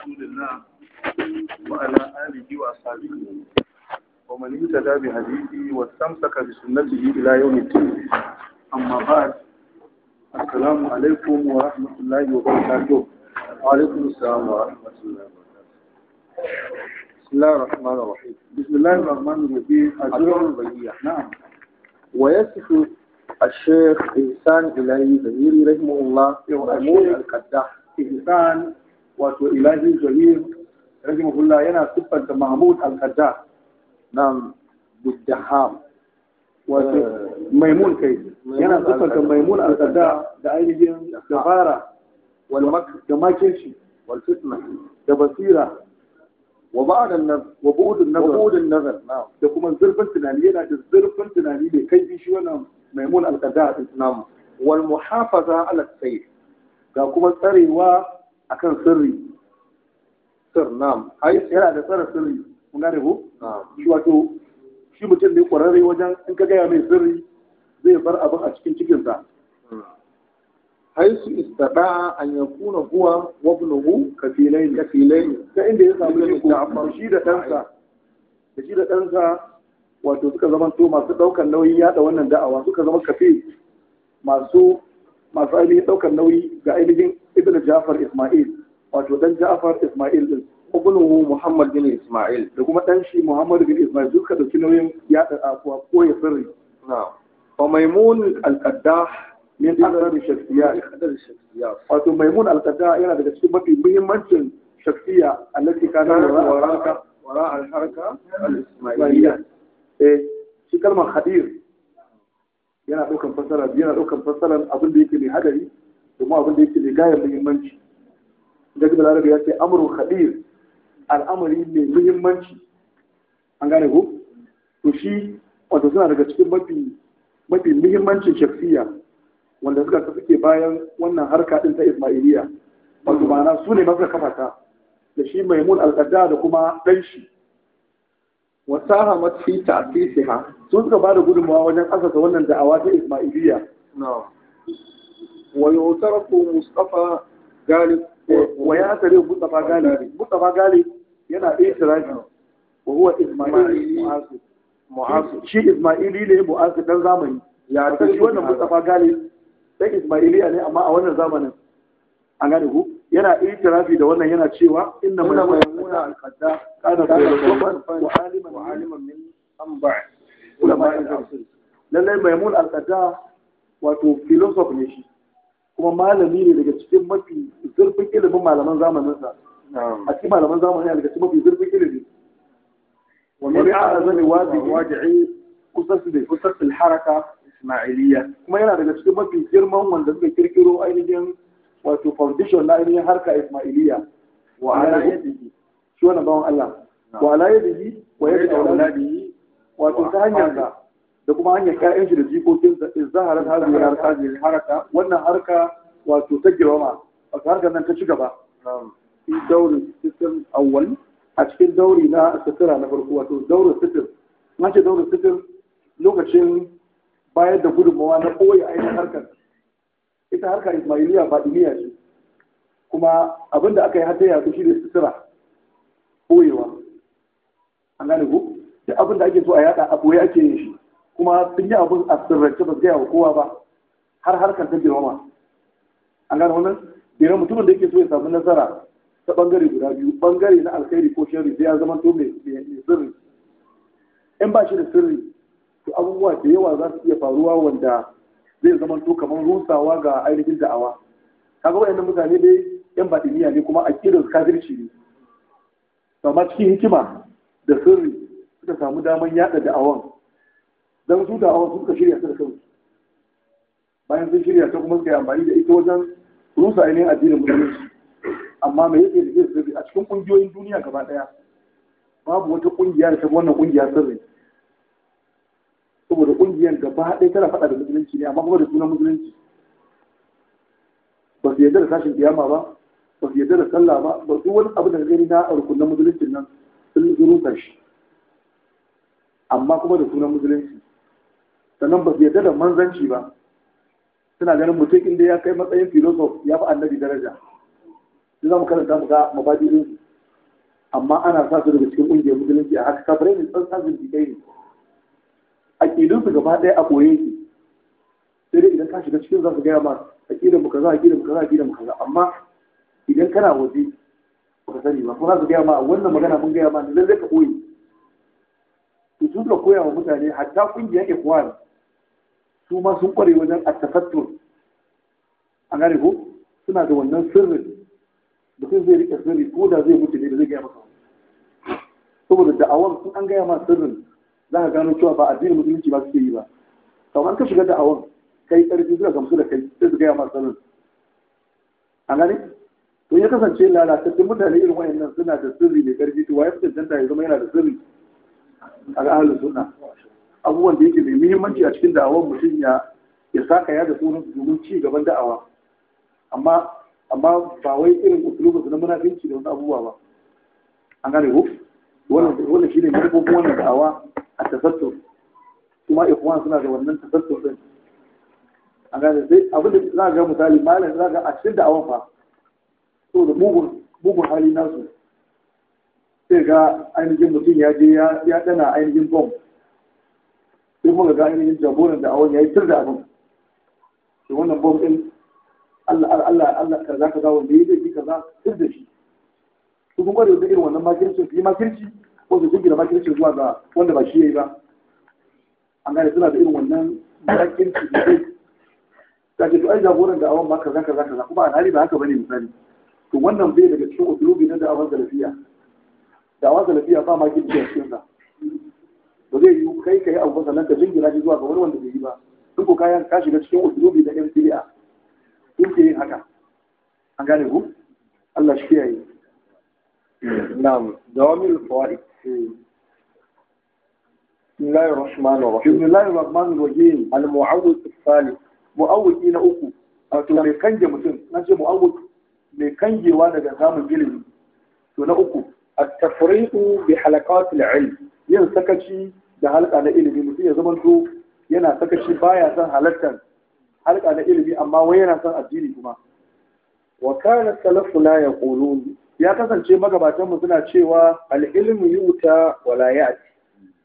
رسول الله وعلى آله وأصحابه ومن اهتدى بهديه واستمسك بسنته إلى يوم الدين أما بعد السلام عليكم ورحمة الله وبركاته وعليكم السلام ورحمة الله وبركاته بسم الله الرحمن الرحيم بسم الله الرحمن الرحيم أجر البيع نعم ويصف الشيخ إحسان إلهي ذهيري رحمه الله في أمور القدح إحسان wato ilahi jahir rahimahullah yana siffanta mahmud al-qadda na buddaham wato eh. maimun kai yana siffanta maimun al-qadda da ainihin dabara da makinci da basira wa ba'dan nazar wa bu'dun nazar bu'dun nazar da kuma zurfin tunani yana da zurfin tunani mai kai shi wannan maimun al-qadda din wal muhafaza ala sayyid ga kuma tsarewa akan sirri sir nam ai yana da tsara sirri kun gane ko shi wato shi mutum ne kwararre wajen in ka gaya mai sirri zai bar abin a cikin cikinsa hmm. haisu istada an yakuna huwa wa ibnuhu kafilaini kafilaini ta inda ya samu amma shi da ɗansa da shi da ɗansa wato suka zama to masu ɗaukar nauyi yaɗa wannan da'awa suka zama kafi masu masu ainihin ɗaukar nauyi ga ainihin ibn jafar ismail wato dan jafar ismail din ubnuhu muhammad bin ismail da kuma dan shi muhammad bin ismail duka dauki nauyin ya da akuwa ko ya sirri fa maimun al-qaddah min akthar shakhsiyat wato maimun al-qaddah yana daga cikin mafi muhimmancin shakhsiya allati kana waraka wara al-haraka al-ismailiyya eh shi kalmar khadir yana ɗaukan fassara biyu yana ɗaukan fassaran abin da yake mai hadari da kuma abin da yake mai gayar muhimmanci daga larabi ya ce amrun khadir al'amari mai muhimmanci an gane ko to shi wanda suna daga cikin mafi mafi muhimmancin shafiya wanda suka suke bayan wannan harka din ta Isma'iliya. wato ma'ana su ne masu kafa ta da shi Maimun al da kuma dan shi wasahamat fi ha? sun suka bada gudunmawa wajen asasa wannan da'awa ta Ismailiyya wa yutaraku Mustafa Galib wa ya tare Mustafa Galib Mustafa Galib yana itirafi wa huwa Ismaili mu'asir shi Ismaili ne mu'asir dan zamani ya ta shi wannan Mustafa Galib dan Ismailiya ne amma a wannan zamanin an gane ku yana itirafi da wannan yana cewa inna man yaquna al-qadda kana bayyana wa aliman aliman min anba ulama al-asr lalle maimun al-qadda wato philosopher ne shi kuma malami ne daga cikin mafi zurfin ilimin malaman zamanin sa a cikin malaman zamanin ya daga cikin mafi zurfin ilimi wa min a'azami wadi'i da usasil haraka ismailiyya kuma yana daga cikin mafi girman wanda suka kirkiro ainihin wato foundation na ainihin harka ismailiya wa ala yadihi shi wannan bawan Allah wa ala yadihi wa yadi auladihi wato ta hanyar da da kuma hanyar ƴaƴan shi da jikokin da zaharar hazi ya harka haraka wannan harka wato ta girma wato harkar nan ta ci gaba fi dauri sitin awwal a cikin dauri na sitira na farko wato daurin sitir Na ce daurin sitir lokacin bayar da gudunmawa na koya ainihin harkar ita harkar ismailiya fadiliya ce kuma abin da aka yi hadda yaƙi shi ne sutura ɓoyewa an gane ku duk abin da ake so a yada a ɓoye ake yin shi kuma sun yi abin a sirrance ba su gaya wa kowa ba har harkar ta girmama an gane wannan biyar mutumin da yake so ya samu nasara ta ɓangare guda biyu ɓangare na alkhairi ko shari sai ya zama to mai sirri in ba shi da sirri to abubuwa da yawa za su iya faruwa wanda zai zama to kamar rusawa ga ainihin da'awa kaga wayannan mutane dai yan baɗiniya ne kuma a kirin kafirci ne amma cikin hikima da sirri suka samu daman yada da'awan dan su da'awan suka shirya su da kansu bayan sun shirya ta kuma suka yi amfani da ita wajen rusa ainihin addinin musulunci amma me yake da sirri a cikin kungiyoyin duniya gaba daya babu wata kungiya da ta wannan kungiya sirri saboda ƙungiyar gaba ɗaya tana faɗa da musulunci ne amma kuma da sunan musulunci ba su yarda da tashin kiyama ba ba su yarda da sallah ba ba su wani abu da gani na rukunan musuluncin nan sun zurutar shi amma kuma da sunan musulunci sannan ba su yarda da manzanci ba suna ganin mutum inda ya kai matsayin filosof ya fi annabi daraja sai za mu karanta mu ga mabadirin amma ana sa su daga cikin ƙungiyar musulunci a haka kafirai ne tsantsan zindikai ne aƙidinsu gaba ɗaya a ɓoye ki sai dai idan ka shiga cikin za su gaya ma aƙidin mu kaza aƙidin mu kaza aƙidin mu kaza amma idan kana waje ka sani ba kuma za su gaya ma wannan magana mun gaya ma ne lallai ka ɓoye to su suka koya wa mutane hatta ƙungiyar ikhwan su ma sun ƙware wajen attafattur a gane ko suna da wannan sirrin mutum zai riƙe sirri ko da zai mutu ne da zai gaya masa saboda da'awar sun an gaya ma sirrin za ka gano cewa ba addinin musulunci ba suke yi ba kamar ka shiga da'awar kai ƙarfi zuwa gamsu da kai sai su gaya masu sanin A gani, to ya kasance lalatattun mutane irin wayannan suna da sirri mai ƙarfi to waye cancanta ya zama yana da sirri a ga ahlus suna, abubuwan da yake mai muhimmanci a cikin da'awar mutum ya ya saka ya da sunan domin ci gaban da'awa amma amma ba wai irin su na munafinci da wani abubuwa ba an gane ko wannan shi ne mafi wannan da'awa a tasattur kuma ikuwan suna da wannan tasattur din a gane sai abinda da za ga misali malam za ga a cikin da awon fa so da mugun hali nasu sai ga ainihin mutum ya je ya dana ainihin bom sai kuma ga ainihin jagoran da awon ya yi tur da abin to wannan bom ɗin, Allah Allah Allah kaza kaza wanda ya yi kaza tur da shi su kuma da irin wannan makircin su yi makirci ko su ba kirkir zuwa ga wanda ba shi ya yi ba an gane suna da irin wannan cikin da ke ta jagoran da awon maka kaza kaza kaza kuma a nari ba haka bane misali to wannan bai daga cikin usulubi na zalafiya da awon zalafiya ba makirci a cikin sa ba zai yi kai kai a ba sannan ka jingina shi zuwa ga wani wanda bai yi ba duk ko kayan ka shiga cikin usulubi na yan duk ke yin haka an gane ku Allah shi kiyaye na'am dawamil fawaid بسم الله الرحمن الرحيم بسم الله الرحمن الرحيم إلى أكو mai kange mutum na ce mai kangewa daga samun ilimi to na uku at yin sakaci da ilimi mutum ya zama to yana sakaci baya son halartar halka na ilimi amma wai yana son addini kuma wa kana salafu la yaqulun ya kasance magabatanmu suna cewa yi yuta wala ya'ti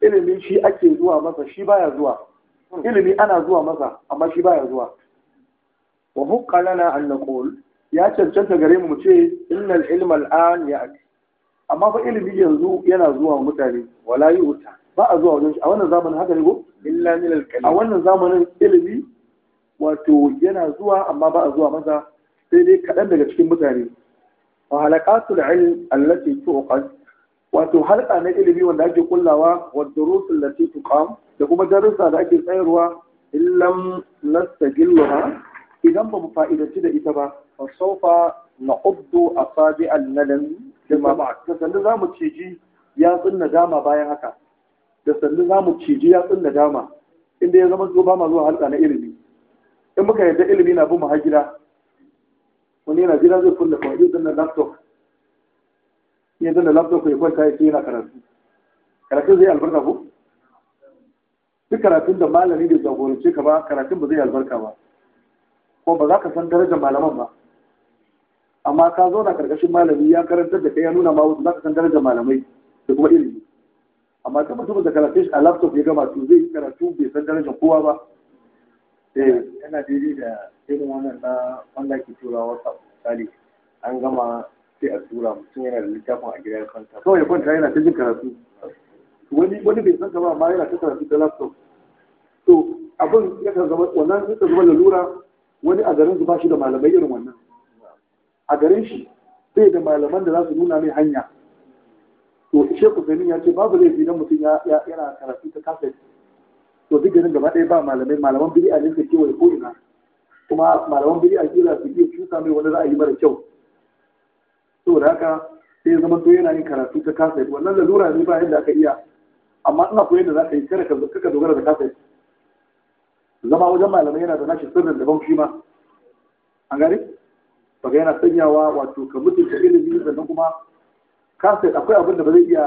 ilimi shi ake zuwa masa shi baya zuwa ilimi ana zuwa masa amma shi baya zuwa wa hukka lana an naqul ya cancanta gare mu ce innal ilma al'an ake amma fa ilimi yanzu yana zuwa mutane wala wuta. ba a zuwa wajen shi a wannan zamanin haka ne ko illa min al a wannan zamanin ilimi wato yana zuwa amma ba a zuwa masa sai dai kaɗan daga cikin mutane wa halaqatul ilm allati tuqad wato halka na ilimi wanda ake kullawa wa durus allati tuqam da kuma darussa da ake tsayarwa illam nastagilluha idan ba mu fa'idaci da ita ba fa na na'uddu asabi al-nadam bima ba'd da za mu ciji yatsun nadama bayan haka da za mu ciji yatsun nadama inda ya zama ba ma zuwa halka na ilimi in muka yarda ilimi na bin mu har gida wani yana jira zai kulle kawai zai danna laptop ya danna laptop ya kwanta ya ce yana karatu karatun zai albarka ko duk karatun da malami da jagorance ka ba karatun ba zai albarka ba ko ba za ka san darajar malaman ba amma ka zo na karkashin malami ya karantar da kai ya nuna ma wasu za ka san darajar malamai da kuma ilimi amma ta mutum da karatun shi a laptop ya gama to zai karatu bai san darajar kowa ba eh, yana daidai da irin wannan na wanda ke turawa whatsapp misali an gama sai a tura mutum yana da littafin a gida kanta kwanta kawai ya kwanta yana ta jin karatu wani wani bai san gaba amma yana ta karatu da laptop to abin ya ka zama wannan sai ka zama lalura wani a garin su ba shi da malamai irin wannan a garin shi sai da malaman da za su nuna mai hanya to sheku zamin ya ce babu laifi idan mutum yana karatu ta kafet to duk garin gaba ɗaya ba malamai malaman bid'a ne suka kewaye ko ina kuma malaman biri a kila su iya cusa mai wani ra'ayi mara kyau saboda haka sai ya zama to yana yin karatu ta kasa wannan lalura ne ba yadda aka iya amma ina koyi da za ka yi kada ka dogara da kasa zama wajen malamai yana da nashi sirrin daban shi ma an gani baga yana sanyawa wato ka mutunta ilimi sannan kuma kasa akwai abin da ba zai iya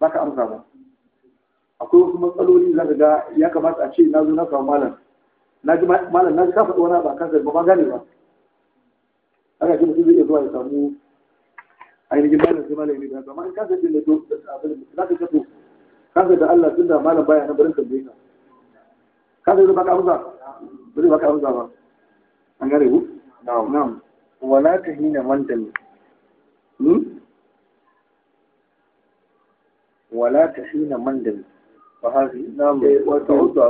ka amsa ba akwai wasu matsaloli za ka ga ya kamata a ce na zo na samu malam na ji malam na ji ka faɗi wani ba kansa ba gane ba ana ji mutum zai iya zuwa ya samu ainihin malam sai malam ya ba amma in kansa din da to abin da ka to kansa da Allah tun da malam baya na barin tambaye ka kansa zai baka amsa ba zai baka amsa ba an gane ku na'am na'am wala hina man dami hmm? wala ta hina man dami fahazi eh, wato wato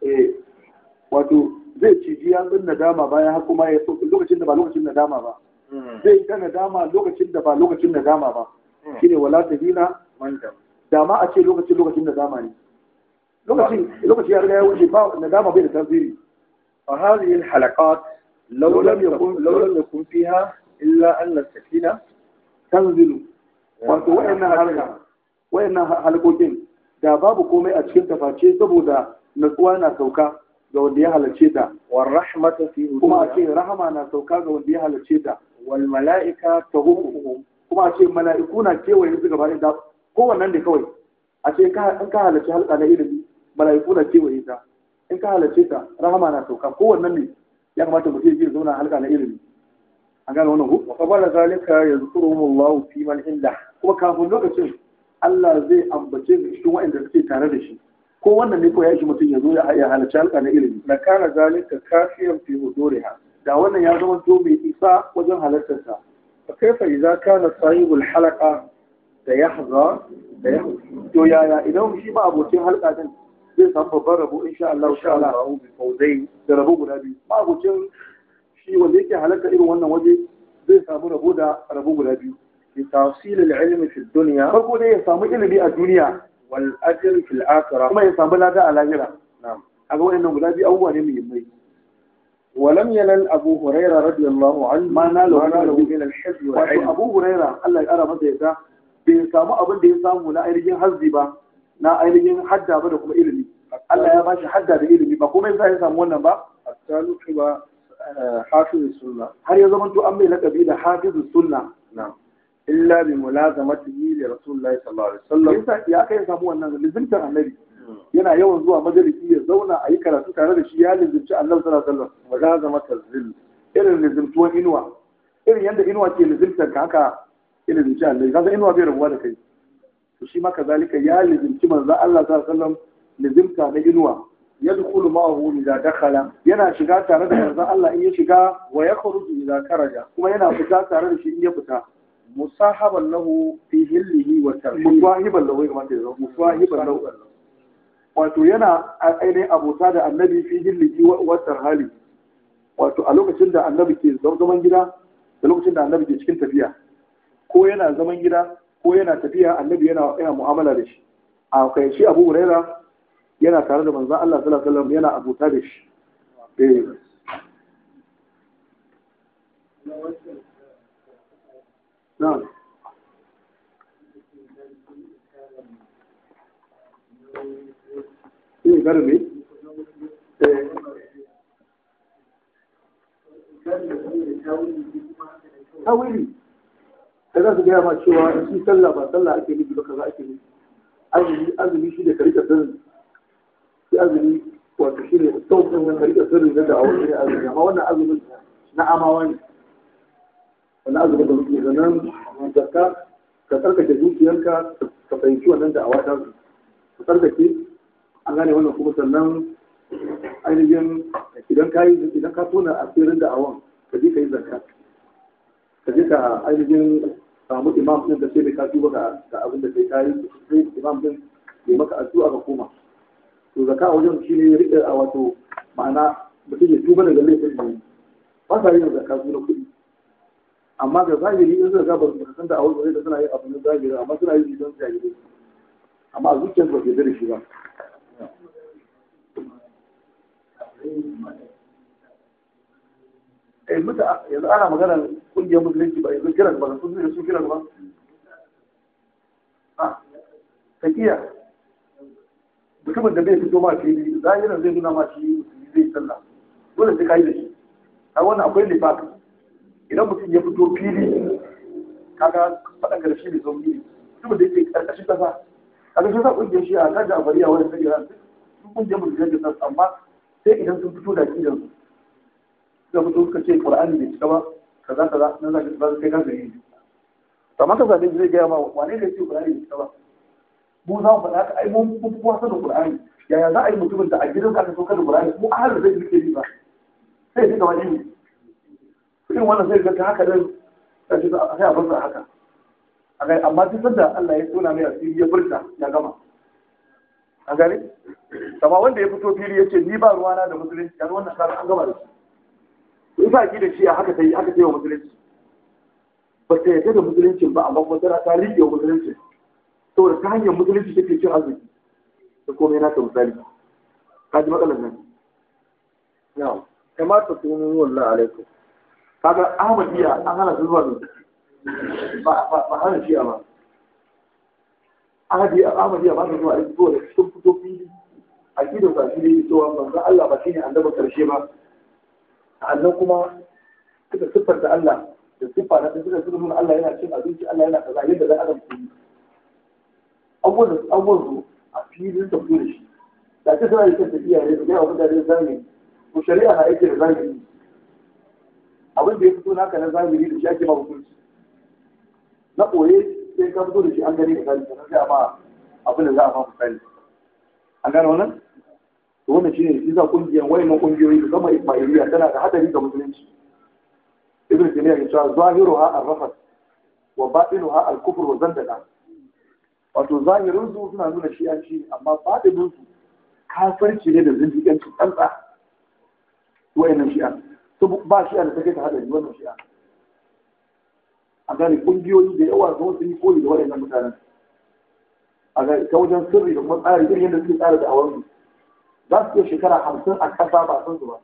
eh, wato zai nadama bayan har kuma ya lokacin da ba lokacin nadama ba hmm. zai ta nadama lokacin da ba lokacin nadama ba hmm. wala dama a ce lokacin lokacin nadama ne lokacin ya riga ya wuce ba nadama bai da tasiri tanzilu wato wayannan halakokin da babu komai a cikin taface saboda natsuwa na sauka ga wanda ya halarce ta war rahmatu fi kuma a ce rahama na sauka ga wanda ya halarce ta wal mala'ika tahuquhum kuma a ce mala'iku na kewaye su gaba da kowannen da kawai a ce in ka halarci halka na ilimi mala'iku na kewaye ta in ka halarce ta rahama na sauka kowannen ne ya kamata mutum ya zauna halka na ilimi an gane wannan ku wa qabala zalika yazkuruhumullahu fi man inda kuma kafin lokacin Allah zai ambace mu cikin waɗanda suke tare da shi ko wannan ne ko ya shi mutum ya zo ya halarci halka na ilimi na kana zalika kafiyan fi huduriha da wannan ya zama to mai isa wajen halartar ta. sa fa kaifa idza kana sahibul halaqa da yahza da yahza to yaya idan shi ma abocin halka din zai samu babban rabo insha Allah ta'ala da rabo guda biyu ma abocin shi wanda yake halarta irin wannan waje zai samu rabo da rabo guda biyu بتحصيل العلم في الدنيا فرقو دي يسامو علمي الدنيا والأجر في الآخرة كما يسامو لادا الآخرة نعم أقول إنه لا بي أول يمي ولم ينل أبو هريرة رضي الله عنه ما ناله ناله من الحزب والعلم أبو هريرة الله يرى ماذا يسا بيسامو أبن دي يسامو لا أيرجين حزبي با لا أيرجين حدا بدكم علمي Allah ya bashi hadda da ilimi ba kuma yasa ya samu wannan ba at-taluqi wa hafizus sunna har ya zama to an mai lakabi da hafizus sunna na'am illa bi mulazamatihi li rasulillahi sallallahu alaihi wasallam yasa ya kai samu wannan lizintar annabi hmm. yana yawan zuwa majalisi ya zauna a yi karatu tare da shi ya lizinci annabi sallallahu alaihi wasallam mulazamatul zil irin lizimtuwan inuwa irin yadda inuwa ke lizimtar ka haka irin lizinci annabi kaga inuwa bai rabuwa da kai to shi maka zalika. ya lizinci manzo Allah sallallahu alaihi wasallam lizimta na inuwa yadkhulu ma'ahu idza dakhala yana shiga tare da manzo Allah in ya shiga wa yakhruju idza kharaja kuma yana fita tare da shi in ya fita musahaban lahu fi hillihi wa tarhihi musahiban lahu kamar da zama musahiban lahu wato yana ainihin abota da annabi fi hillihi wa tarhali wato a lokacin da annabi ke zaman gida da lokacin da annabi ke cikin tafiya ko yana zaman gida ko yana tafiya annabi yana yana mu'amala da shi a kai Abu Huraira yana tare da manzon Allah sallallahu alaihi yana abota da shi eh Yin garbi? Tawili, da za su gaya ma cewa shi sallah ba sallah ake nufi ba kaza ake nufi. Azumi azumi shi ne ka rika sirri. Shi azumi wato shi ne sauƙin wani ka rika sirri na da'awar shi ne azumi amma wannan da daga nan zakka ka tsarkake dukiyarka ka fahimci wannan da awata ka tsarkake an gane wannan kuma sannan ainihin idan ka yi idan ka tona tsirin da awon ka je ka yi zarka ka je ka ainihin samu imam din da sai da ka duba ga abin da sai ka yi sai imam din ya maka addu'a ka koma to zakka a wajen shi ne riƙe a wato ma'ana mutum ya tuba daga laifin da ba sa yin zakka su na kuɗi amma ga zahiri in suka gaba su san da awul da suna yi abu na zahiri amma suna yi don zahiri amma a zuciyar ba ke da shi ba eh muta yanzu ana magana kungiyar musulunci ba yanzu kiran ba sun zuwa su kiran ba a ah, tafiya mutumin da bai fito ma yi zahirin zai nuna ma shi zai sallah dole sai yi da shi a wannan akwai lifafi idan mutum ya fito fili kaga faɗan ƙarshe mai sauƙi ne mutum da yake ƙarƙashin ƙasa a shi sa ƙungiyar shi a kaji a bariya wani sai iran sun ƙungiyar mutum da jirgin amma sai idan sun fito da ƙidan su suka fito suka ce ƙur'ani bai cika ba kaza kaza na zaki ba kai ka gari to amma kaza dai zai gaya ma wane ne ce ƙur'ani bai cika ba mu za mu faɗa ai mun kuwa sa da ƙur'ani yaya za a yi mutumin da a gidan ka so da ƙur'ani mu ahalar zai yi ba sai ya ga wani irin wannan zai ga haka din sai a sai a furta haka a gani amma duk sanda Allah ya tona mai asiri ya furta ya gama a gani amma wanda ya fito fili ya ce ni ba ruwana da musulunci yanzu wannan karar an gama da shi in ba ki da shi a haka ta yi haka ta yi wa musulunci ba ta yarda da musulunci ba amma kuma tana ta riƙe wa musulunci saboda ta hanyar musulunci take cin arziki da komai na ta misali ka ji matsalar nan na'am kamar ta tunu wallahi alaikum kaga ahmadiyya an hana su zuwa nan, ba hana shi'a ba ahmadiyya ahmadiyya ba su zuwa da zuwa da sun fito fili a gidan ba shi ne cewa manzon Allah ba shine annabi karshe ba annan kuma siffar da Allah da siffa na suka suka nuna Allah yana cin abinci Allah yana kaza yadda zan adam kuma abubuwan abubuwan su a filin tafiya da shi da ta suna yi kan tafiya ne da yawa mutane zamani ko shari'a na aiki da zamani abin da ya fito naka na zahiri da shi ake ma na ɓoye sai ka fito da shi an gani da kali sannan sai a ma abin da za a ma misali an gane wannan to wannan shine shi za kungiyar wayannan kungiyoyi da zama ismailiya tana da hadari ga musulunci ibn taymiya ya cewa zahiru ha arrafat wa batinuha al alkufr wa zandaka wato zahirin su suna nuna shi'anci amma fadin su kafirci ne da zindiƙanci tsantsa wayannan shi'anci ba shi da take ta hadari wannan shi a gane kungiyoyi da yawa sun sun yi koyi da waɗannan mutanen a ga ta wajen sirri da kuma tsari irin yadda suke tsara da awansu za su iya shekara hamsin a ƙasa ba a san su ba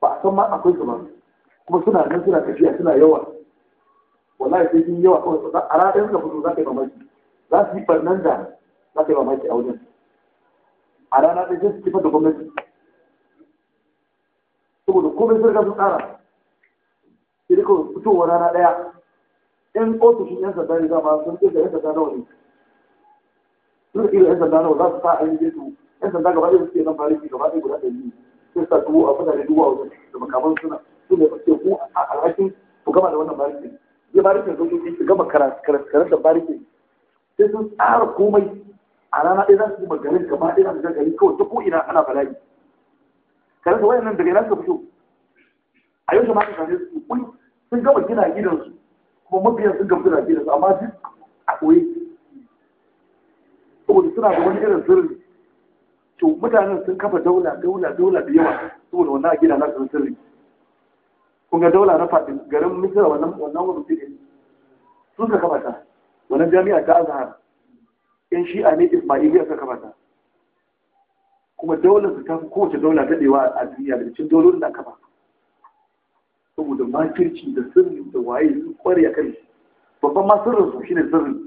ba a san ma akwai su ba kuma suna nan suna tafiya suna yawa wallahi sai sun yawa kawai a ranar suka fito za ka yi mamaki za su yi barnan da za ka yi mamaki a wajen a rana ɗaya sai su kifar da gwamnati saboda komai sun sun tsara sai dai kawai fitowa rana ɗaya yan ofishin yan sanda ne dama sun ce da yan sanda nawa ne sun da yan sanda nawa za su sa a ainihin su yan sanda gaba ɗaya suke nan maliki gaba ɗaya guda ɗari ne sai sa dubu a fada da dubu a wajen da makaman suna su ne ce ku a alhakin ku gama da wannan maliki zai malikin sun ce su gama da maliki sai sun tsara komai a rana ɗaya za su yi maganin gaba ɗaya na gari kawai ta ko ana bala'i kaga wayannan daga yana suka fito a yau ma ka su kun sun gama gina gidansu kuma mabiyan sun gama gina gidansu amma duk a koyi saboda suna da wani irin sirri to mutanen sun kafa daula daula daula da yawa saboda wannan gida na sun sirri kun ga daula na fadin? garin misira wannan wannan wani ne sun ka kafa ta wannan jami'a ta azhar in shi'a ne ismailiyya suka kafa ta kuma daular su tafi kowace daular daɗewa a duniya da cikin daulolin da kama saboda makirci da sirri da waye sun kware a kai babban ma sirrin su shine sirri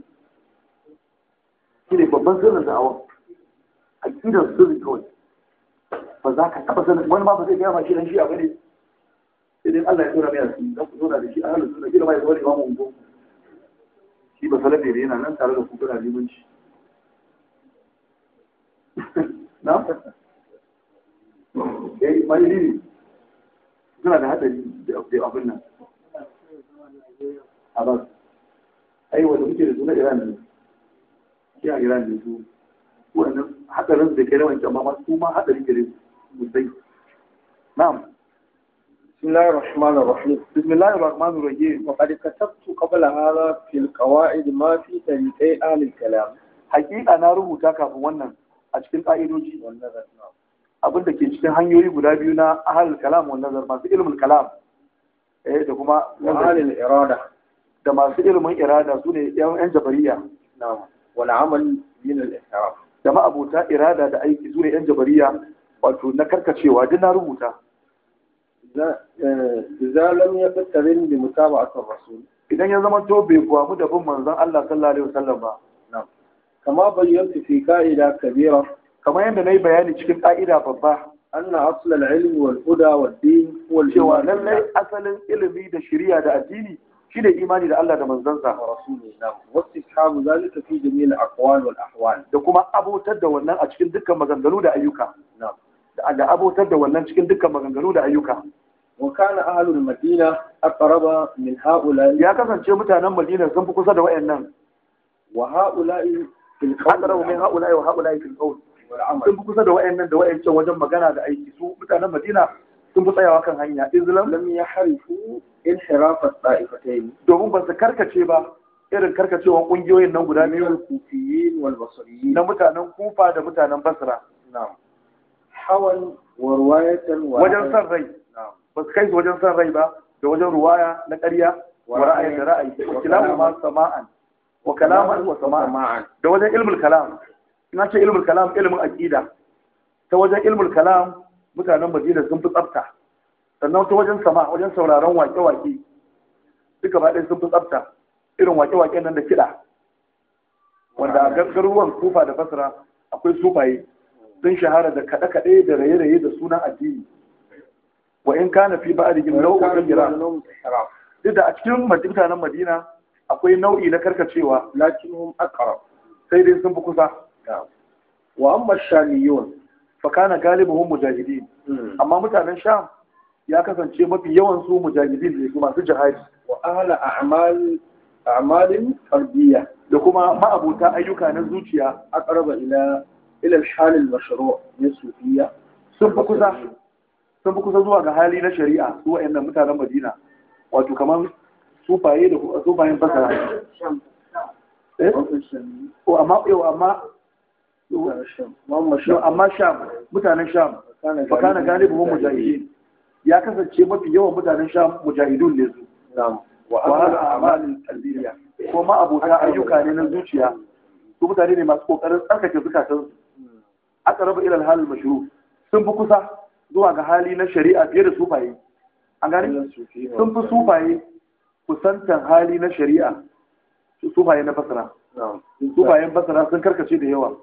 shine babban sirrin da awon aqidar sirri kawai ba za ka taɓa sanin wani ma ba zai gaya ma shi shi a bane sai dai Allah ya tura mai asiri za ku zauna da shi a halin suna kila ma ya zo ne ma mu ungo shi ba salafi ne yana nan tare da ku da limanci na? eh mahalili suna da da a da su na iran ne su wannan da بسم الله الرحمن الرحيم وقد كتبت قبل هذا في القواعد ما في طريقي أهل الكلام حقيقة أنا رمو في ونن a cikin ƙa'idoji abin da ke cikin hanyoyi guda biyu na ahalil kalam wa nazar masu ilmin kalam eh da kuma irada da masu ilmin irada su ne yan jabariya wal amal min al da ma abota irada da aiki su ne yan jabariya wato na karkacewa duk na rubuta إذا لم يقترن بمتابعة الرسول إذا يزمن توبي وأبو دبو منزل Allah صلى الله عليه ba. kama bayyantu fi ka'ida kabira kamar yadda na yi bayani cikin ka'ida babba anna asl al-ilm wal huda wa din wal cewa lallai asalin ilimi da shari'a da addini shine imani da Allah da manzansa wa rasulina wa istihabu zalika fi jami'il aqwal wal ahwal da kuma abotar da wannan a cikin dukkan maganganu da ayyuka da abotar da wannan cikin dukkan maganganu da ayyuka ya kasance mutanen madina sun fi kusa da wayannan wa aqrabu min haula'i wa haula'i fil qawl sun fi kusa da wayannan da wayancan wajen magana da aiki su mutanen Madina sun fi tsayawa kan hanya Islam lam yahrifu inhirafa ta'ifatayn domin ba su karkace ba irin karkacewan kungiyoyin nan guda biyu kufiyin wal basriyin na mutanen Kufa da mutanen Basra na'am hawan wa wa wajen san rai ba su kai su wajen san rai ba da wajen ruwaya na ƙarya wa ra'ayin da ra'ayi kilamu ma sama'an wa kalaman wa sama'an da wajen ilmul kalam ina ce ilmul kalam ilmin aqida ta wajen ilmul kalam mutanen Madina sun fi tsafta sannan ta wajen sama wajen sauraron wake-wake duka ba sun fi tsafta irin wake-wake nan da kiɗa wanda a garuruwan kufa da basra akwai sufaye sun shahara da kaɗe-kaɗe da raye-raye da sunan addini wa in kana fi ba a rigin nau'ukan gira duk da a cikin mutanen madina akwai nau'i na karkacewa lakin hum aqrab sai dai sun fi kusa wa amma shamiyun fa kana galibuhum mujahidin hmm. amma mutanen sham ya kasance mafi yawan su mujahidin ne masu jihadi wa ahla a'mal a'malin qalbiyya da kuma ma'abuta ayyuka na zuciya aqraba ila ila al-hal al-mashru' min sufiyya sun fi kusa sun fi kusa zuwa ga hali na shari'a su wa'annan mutanen Madina wato kamar sufaye da sufayen basara ko eh? oh, amma yau amma amma sham mutanen sham fakana galibu mun mujahidin ya kasance mafi yawan mutanen sham mujahidun ne su wa hada amalin tarbiyya ko ma abota ayyuka ne na zuciya su mutane ne masu kokarin tsarkake zukatansu aka raba ilal halin mashru sun fi kusa zuwa ga hali na shari'a fiye da sufaye an gane sun fi sufaye kusantan hali na shari'a sufaye na basra sufayen basra sun karkace da yawa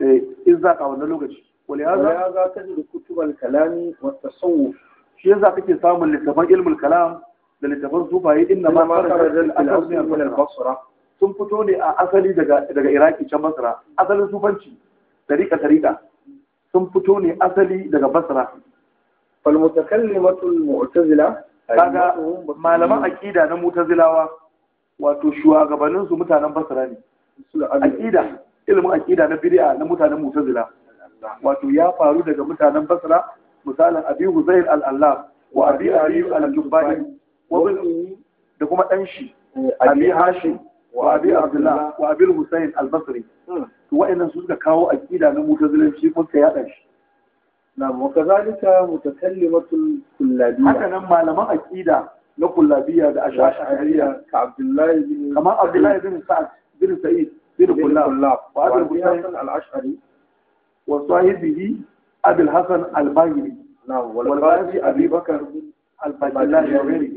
eh, in za ka wannan lokaci ya za ta da kutubal kalami wa tasawuf shi yasa kake samun littafan ilmul kalam da littafan sufaye inna ma kharaja al basra sun fito ne a asali daga daga iraki can basra asalin sufanci tariqa tariqa sun fito ne asali daga basra fal mutakallimatul mu'tazila kaga malaman hmm. aƙida na mutazilawa wato shugabannin su mutanen basra ne aƙida ilimin aƙida na bid'a na mutanen mutazila wato ya faru daga mutanen basra misalin abi huzair al-allah wa abi ali al jubbani wa da kuma dan shi abi hashim wa abi abdullah wa abi husayn al-basri hmm. to wa'annan su suka kawo aƙida na mutazilanci kuma ya yada shi Na'am wa kazalika mutakallimatul kullabiyya. Haka nan malaman aqida na kullabiyya da ash'ariyya ka Abdullahi bin kamar Abdullahi bin Sa'id bin Kullab wa Abu Hasan al-Ash'ari wa sahibihi Abu Hasan al-Bayri. al wa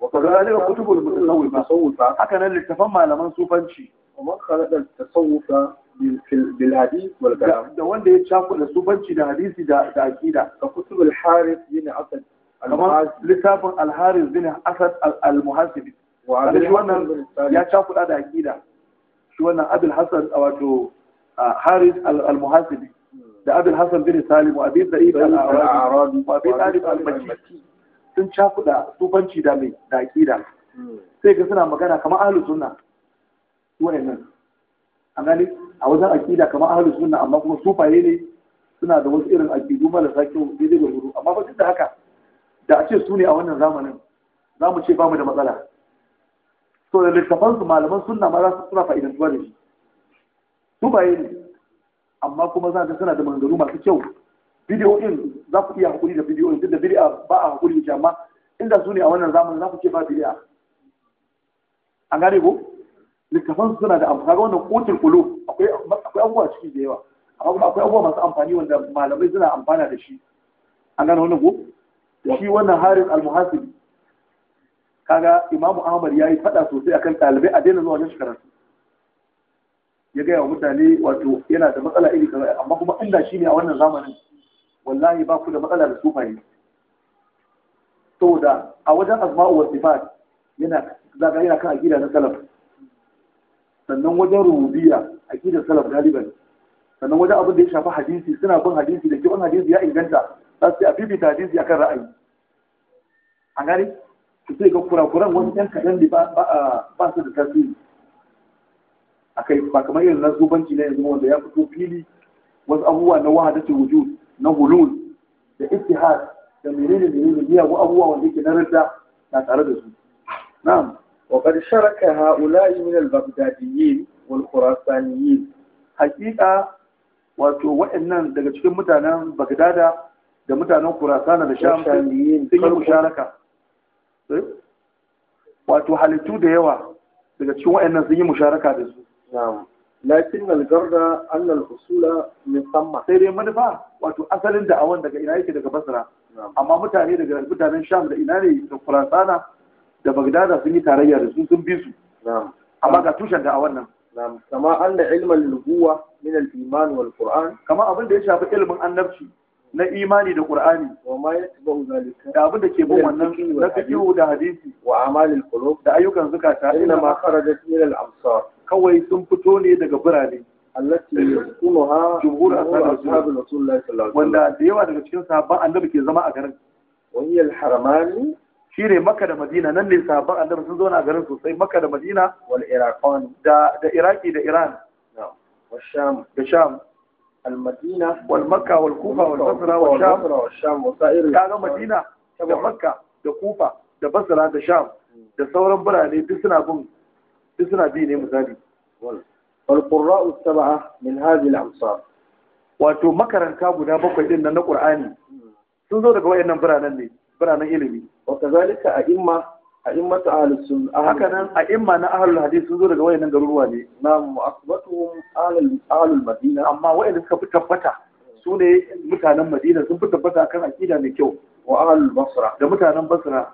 وكذلك كتب المتصوفة هكذا اللي تفهم على من ومن خلق التصوف bil da wanda ya cakuɗa sufanci da hadisi da da akida kamar littafin al harith bin asad al muhasibi wa shi wannan ya cakuɗa da akida shi wannan abul hasan wato harith al muhasibi da abul bin al sun cakuɗa sufanci da mai da akida hmm. sai ga suna magana kamar ahlus sunna wa'annan a gani a wajen akida kamar ahlus sunna amma kuma sufaye ne suna da wasu irin akidu marasa kyau daidai da gudu amma ba duk da haka da a ce su ne a wannan zamanin za mu ce ba mu da matsala so da littafan su malaman sunna ma za su suna fa'idantuwa da shi sufaye ne amma kuma za ta suna da mangaru masu kyau bidiyoyin za ku iya hakuri da bidiyoyin duk da bidiyo ba a hakuri da amma inda su ne a wannan zamanin za ku ce ba bidi'a an gane ko littafan suna da amfani ga wannan kotin kulu. akwai abubuwa ciki da yawa amma kuma akwai abubuwa masu amfani wanda malamai suna amfana da shi an gana wannan ko shi wannan harin al-muhasibi kaga imamu ahmad ya yi faɗa sosai akan ɗalibai a daina zuwa wajen karatu ya gaya wa mutane wato yana da matsala iri kaza amma kuma inda shi ne a wannan zamanin wallahi ba ku da matsala da sufaye saboda a wajen asma'u wa sifat yana zaga yana kan aqida na salaf sannan wajen rubiya kidan salaf galiban sannan wajen abin da ya shafi hadisi suna bin hadisi da ke wani hadisi ya inganta za su a bibita hadisi akan ra'ayi a gani, su sai ga kurakuran wasu yan kaɗan da ba su da tasiri a kai ba kamar irin na zubanci na yanzu wanda ya fito fili wasu abubuwa na wahadatul wujud na hulul da ittihad da menene menene miyagun abubuwa wanda yake na radda na tare da su na'am وقد شرك هؤلاء من البغداديين والخراسانيين حقيقة wato waɗannan daga cikin mutanen Bagdada da mutanen Kurasana da Sham sun yi musharaka wato halittu da yawa daga cikin waɗannan sun yi musharaka da su lakin algarda annal usula min samma sai dai manufa wato asalin da'awan daga ina yake daga Basra amma mutane daga mutanen Sham da ina ne da Kurasana da bagdada sun yi tarayya da su sun bi su amma ga tushen da a wannan kama anna ilmal nubuwa min al-iman wal qur'an kama abin da ya shafi ilmin annabci na imani da qur'ani wa ma yatbahu zalika da abin da ke bin wannan na fiqhu da hadisi wa amalil qulub da ayyukan zakata inna ma kharajat min al-amsar kawai sun fito ne daga birane allati yaskunuha jumhur ashabi rasulullahi sallallahu alaihi wasallam wanda da yawa daga cikin sahabban annabi ke zama a garin wa hiya al-haramani ne Makka da Madina nan ne sahabban Annabi sun zauna garin sosai Makka da Madina wal Iraqan da da Iraki da Iran Sham da Sham al Madina wal Makka wal Kufa wal Basra wal Sham wal Sham wa sa'ir kaga Madina da Makka da Kufa da Basra da Sham da sauran birane duk suna bin duk suna bi ne misali wal qurra'u sab'a min hadhihi al amsar wato makaranta guda bakwai din nan na Qur'ani hmm. sun zo daga wayannan biranen ne biranen ilimi wa kazalika a imma a imma ta ahlus sunna haka nan a imma na ahlul hadith sun zo daga wayannan garuruwa ne na mu'asbatuhum ahlul ahlul madina amma wayanda suka fi tabbata su ne mutanen madina sun fi tabbata kan aqida mai kyau wa ahlul basra da mutanen basra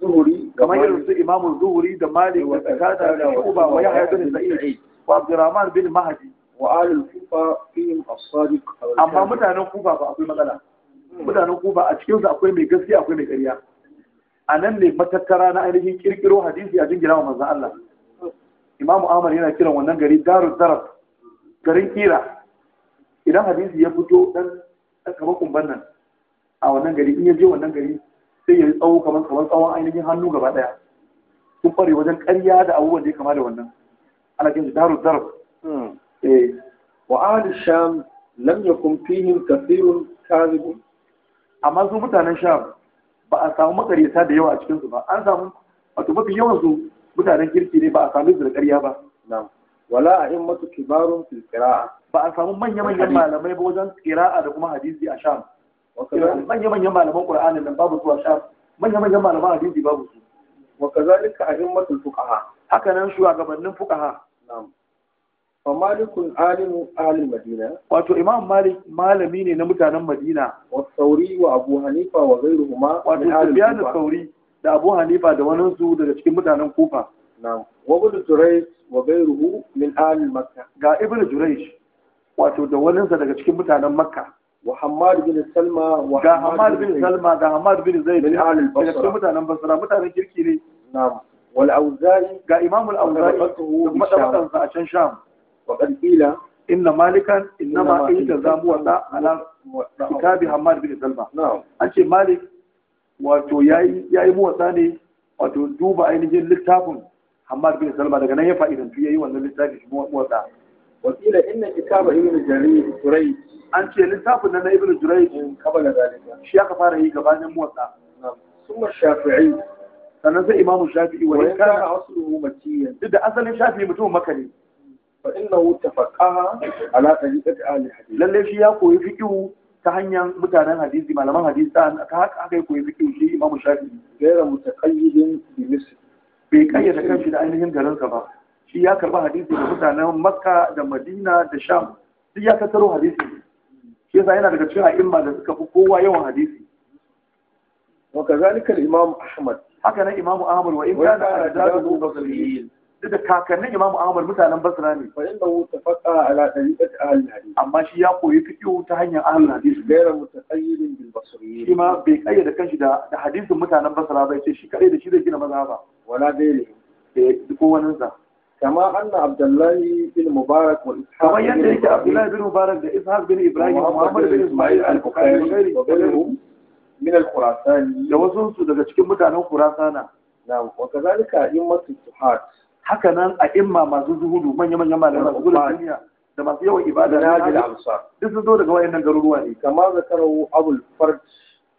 zuhuri kamar irin su imamu zuhuri da malik da qatada da uba wa yahya bin sa'id wa abdurrahman bin mahdi wa ahlul kufa fihim as-sadiq amma mutanen kufa ba akwai matsala mutanen kufa a cikinsu akwai mai gaskiya akwai mai ƙarya a nan ne matattara na ainihin kirkiro hadisi a jingina wa manzan Allah imamu Ahmad yana kiran wannan gari darun zarar garin kira idan hadisi ya fito dan kamar kumban nan a wannan gari in ya je wannan gari sai ya tsawo kamar kamar tsawon ainihin hannu gaba daya sun kware wajen ƙarya da abubuwan da ya kama da wannan ana kiran darun zarar hmm. eh. wa ahli sham lam yakun fihim kathirun kadhibun amma su mutanen sham ba a samu makareta da yawa a cikinsu ba an samu wato mafi yawan su mutanen kirki ne ba a samu su da ƙarya ba na'am wala a in masu kibarun fil qira'a ba a samu manya manyan malamai ba wajen qira'a da kuma hadisi a sham manya manyan malaman qur'anin nan babu su a sham manya manyan malaman hadisi babu su wa kazalika a in masu fuqaha haka nan shugabannin fuqaha na'am fa malikun alimu madina wato imam malik malami ne na mutanen madina wa sauri wa abu hanifa wa ghayruhuma wato sufyan sauri da abu hanifa da wani su daga cikin mutanen kufa na'am wa ibn jurayj min ahli makka ga ibn jurayj wato da sa daga cikin mutanen makka ga hammad bin salma da hammad bin zaid min ahli mutanen mutanen kirki ne ga a can sham Inna Malikan, وقد قيل إن مالكا إنما إلتزام وضع على كتاب bin بن An ce Malik wato ya yi wasa ne wato duba ainihin littafin Hamad bin Salma daga nan ya fa'idantu ya yi wannan littafin shi mu muwatsa. Wakila inna kitaba Ibn Jarir Turai. an ce littafin nan na Ibn Jurayj kabala zalika shi aka fara yi gabanin muwatsa. Summa Shafi'i sannan sai Imamu Shafi'i wa in kana asluhu makkiyan duk da asalin Shafi'i mutum Makka ne fa innahu tafaqaha ala shi ya koyi fiqhu ta hanyar mutanen hadisi malaman hadisi ta haka aka yi koyi fiqhu shi imamu shafi'i gaira mutaqayyidin bi misr bai kayyade kanshi da ainihin garinsa ba shi ya karba hadisi da mutanen makka da madina da sham duk yana daga cikin a'imma da suka fi kowa yawan hadisi wa kazalika al-imam ahmad haka nan imamu ahmad wa in kana da dalu basriyin duk da kakannin Imam Ahmad mutanen Basra ne fa inda hu tafaqa ala tariqati ahli hadith amma shi ya koyi fiqh ta hanyar ahli hadith gaira mutaqayyidin bil basri shi ma bai kayyada kanshi da da hadithin mutanen Basra bai ce shi kare da shi zai gina mazhaba wala gairi eh ko wani sa kama anna abdullahi bin mubarak wa ishaq kamar yadda yake abdullahi bin mubarak da ishaq bin ibrahim muhammad bin isma'il al-bukhari wa ghayruhum min al-khurasani da wasu su daga cikin mutanen khurasana na'am wa kadhalika a'immatul suhat hakanan a imma masu zuhudu manya-manyan malamai masu gudun duniya da masu yawan ibada na hajji da amsa duk sun zo daga wayannan garuruwa ne kama karawo abul farj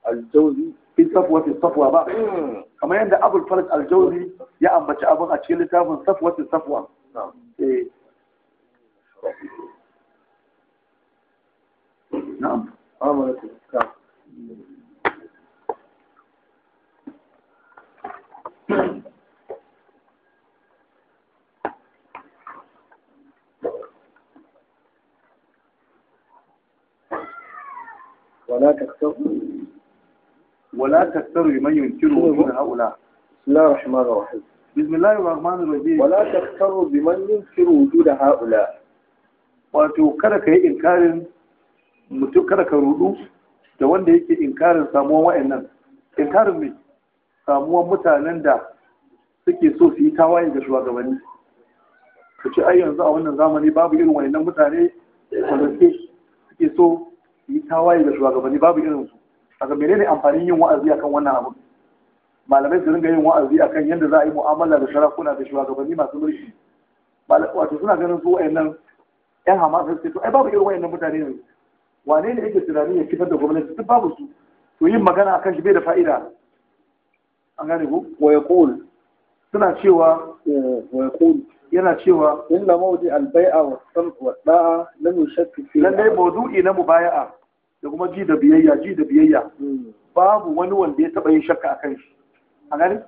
aljauzi fi safwa fi safwa ba hmm. kamar yadda abul farj aljauzi ya ambaci abin a cikin littafin safwa fi safwa na'am eh. amalatu ولا تكثر ولا تكثر لمن ينكره من هؤلاء بسم الله الرحمن الرحيم بسم الله الرحمن الرحيم ولا تكثر بمن ينكر وجود هؤلاء wato kada ka yi inkarin mutum kada ka rudu da wanda yake inkarin samuwan wa'annan inkarin mai samuwan mutanen da suke so su yi tawaye ga shugabanni ka ce ai yanzu a wannan zamani babu irin wa'annan mutane wanda suke so yi yi tawaye ga shugabanni babu irin su daga menene amfanin yin wa'azi akan wannan abu malamai su ringa yin wa'azi akan yadda za a yi mu'amala da sharakuna da shugabanni masu mulki wato suna ganin su wayannan yan hamasa su ai babu irin wayannan mutane ne wane ne yake tunani ya kifar da gwamnati duk babu su to yin magana akan shi bai da fa'ida an gane ku wa yaqul suna cewa eh, wa yaqul yana cewa inna mawdi al-bai'a wa sulh wa da'a lam yushakk fi dai mawdu'i na mubaya'a da kuma ji da biyayya ji da biyayya hmm. babu wani wanda ya taba yin shakka a kan shi a gani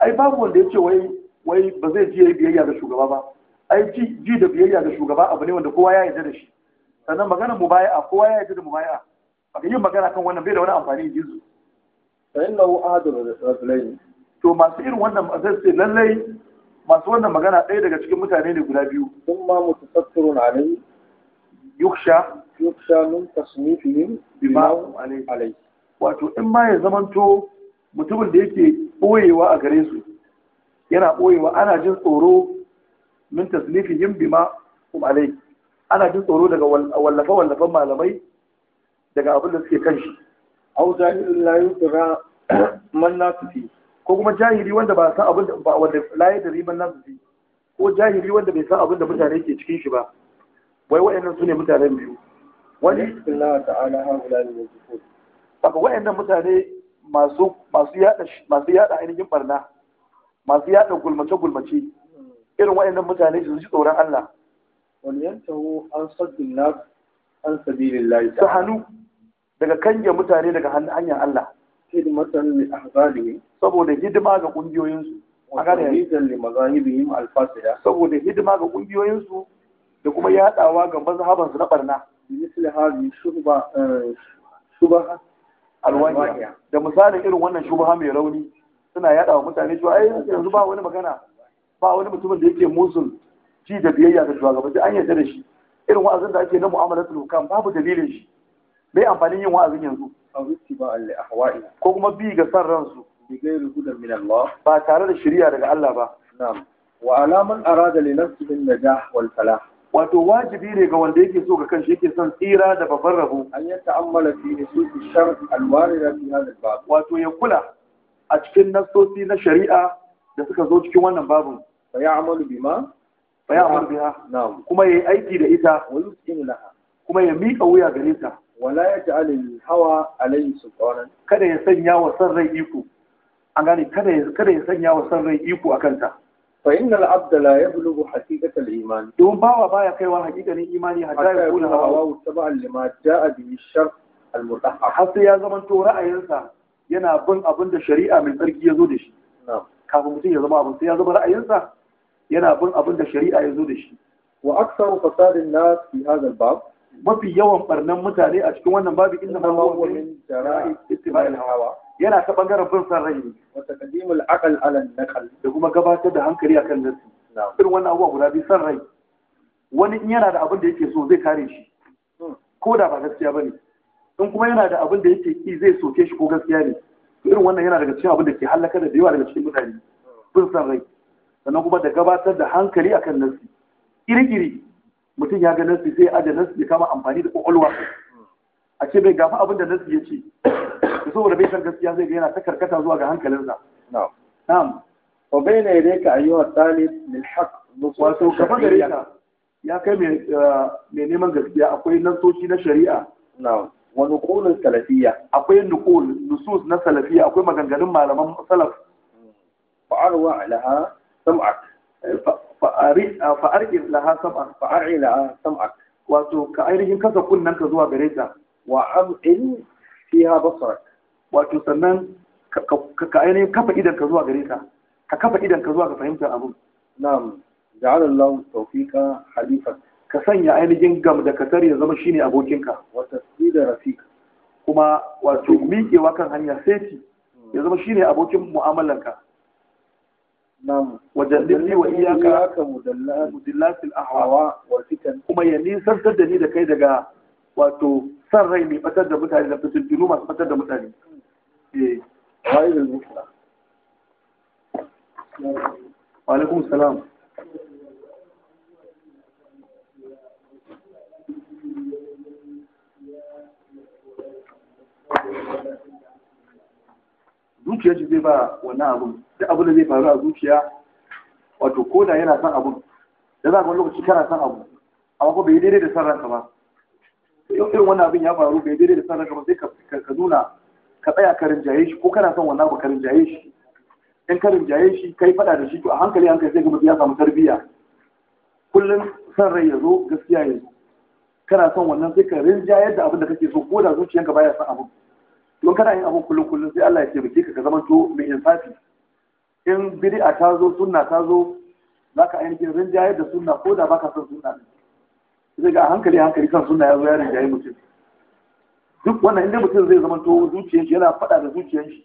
ai babu wanda ya ce wai wai ba zai ji yayi biyayya ga shugaba ba ai ji ji da biyayya ga shugaba abu ne wanda kowa ya yarda da shi sannan magana baya kowa ya yarda da mu mubaya'a baka yin magana kan wannan bai da wani amfani jizu fa innahu ahadun rajulain to masu irin wannan azan sai lallai masu wannan magana ɗaya daga cikin mutane ne guda biyu sun ma mutasattirun alai yuksha yuksha min tasnifihim bima alai wato in ma ya zamanto mutumin da yake ɓoyewa a gare su yana ɓoyewa. ana jin tsoro min yin bima hum alai ana jin tsoro daga wallafa wallafan malamai daga abin da suke kan shi au jahilin la yudra man nasifi ko kuma jahili wanda ba san abin da ba wanda la yudri man nasifi ko jahili wanda bai san abin da mutane ke cikin shi ba wai nan su ne mutanen biyu wani bismillah ta'ala haula ne yanzu haka wa'annan mutane masu nan yada masu yada ainihin barna masu yada gulmace gulmace irin nan mutane su ji tsoron Allah Wani yanta yantahu an sabbin nas an sabilillahi Ta hannu daga kange mutane daga hanyar Allah hidmatan li ahzalihim saboda hidima ga kungiyoyin a ga da hidmatan li saboda hidima ga ƙungiyoyinsu. da kuma yaɗawa ga mazhabansu na barna shubha shubha alwaniya da misalin irin wannan shubha mai rauni suna yada wa mutane cewa ai yanzu ba wani magana ba wani mutumin da yake musul ci da biyayya ga sai an yarda da shi irin wa'azin da ake na mu'amalatul hukam babu dalilin shi bai amfanin yin wa'azin yanzu ko kuma bi ga san ransu ba tare da shari'a daga Allah ba na'am wa alaman arada li nafsihi an najah wal falah wato wajibi ne ga wanda yake so ga shi yake son tsira da babban rabo an yi ta'ammala fi su shar da fi hadha ba. wato ya kula a cikin nasosi na shari'a da suka zo cikin wannan babu fa ya'malu bima fa ya'malu biha na'am kuma ya yi aiki da ita wa yusqimu laha kuma ya miƙa wuya gare ta wala ya ta'ala hawa alayhi sultanan kada ya sanya wa san rai iko an gane kada ya kada ya sanya wa san rai iko akan ta Fahimtar innal abda la yablughu haqiqatal iman don bawa baya kaiwa haqiqanin imani hatta ya kula hawa taban lima jaa bihi shar al ya zama ra'ayinsa yana bin abin da shari'a mai tsarki ya zo da shi kafin mutum ya zama abin ya zama ra'ayinsa yana bin abin da shari'a ya zo da shi wa aksaru fasadin nas fi hadha al bab mafi yawan barnan mutane a cikin wannan babu inna ma huwa hawa yana ta bangaren bin san rai ne wa taqdimul aqal ala naqal da kuma gabatar da hankali akan nafsi irin wannan abubuwa guda biyu san rai wani in yana da abin da yake so zai kare shi hmm. ko da ba gaskiya bane in kuma yana da abin da yake ki zai soke shi ko gaskiya ne irin wannan yana daga cikin abin da ke halaka da yawa daga cikin mutane hmm. bin san rai sannan kuma da gabatar da hankali akan nafsi iri-iri mutum ya ga nafsi sai ya aje nafsi ya kama amfani da ƙwaƙwalwa. Hmm. a ce bai gafi abin da nafsi ya ce to saboda bai san gaskiya zai ga yana ta karkata zuwa ga hankalinsa na'am wa bayna yadayka ayyuha talib lil haqq wato kafa gare ka ya kai eh, mai neman gaskiya akwai nasoshi na shari'a na'am wa nuqulul salafiyya akwai nuqul nusus na salafiyya akwai maganganun malaman salaf fa'arwa laha sam'ak eh, fa'arqi eh, laha sam'ak fa'arqi laha sam'ak wato ka ainihin kasa kunnanka zuwa gare ta wa am'il fiha basarak wato sannan ka ainihin kafa idan ka zuwa gare ka ka kafa idan ka zuwa ga fahimtar abin na'am ja'ala Allahu tawfiqa halifan ka sanya ainihin gam da kasar ya zama shine abokinka Wato Sida rafiq kuma wato miƙewa kan hanya seti hmm. ya zama shine abokin mu'amalanka na'am wa jallibni ka iyyaka mudillatil ahwa wa fitan kuma ya nisantar da ni da kai daga wato san rai mai fatar da mutane da fitintunu masu fatar da mutane Eh, Wa'alaikun salam. Zuciyar shi zai ba wannan abu da abin da zai faru a zuciya, wato ko da yana son abun, da za kuma lokaci kana son abu, amma ko bai daidai da son ranka ba. Irin wannan abin ya faru bai daidai da son ranka ba sai ka nuna ka tsaya ka rinjaye shi ko kana son wannan ba ka rinjaye shi in ka rinjaye shi kai fada da shi to a hankali hankali sai ka mutum ya samu tarbiyya kullum son rai ya zo gaskiya ya zo kana son wannan sai ka rinjaye da abin da kake so ko da zuciyanka baya son abin don kana yin abin kullum kullum sai Allah ya taimake ka ka zama to mai insafi in bid'a ta zo sunna ta zo zaka ainihin rinjaye da sunna ko da baka son sunna ne sai ga hankali hankali kan sunna ya zo ya rinjaye mutum duk wannan inda mutum zai zama to zuciyar shi yana faɗa da zuciyar shi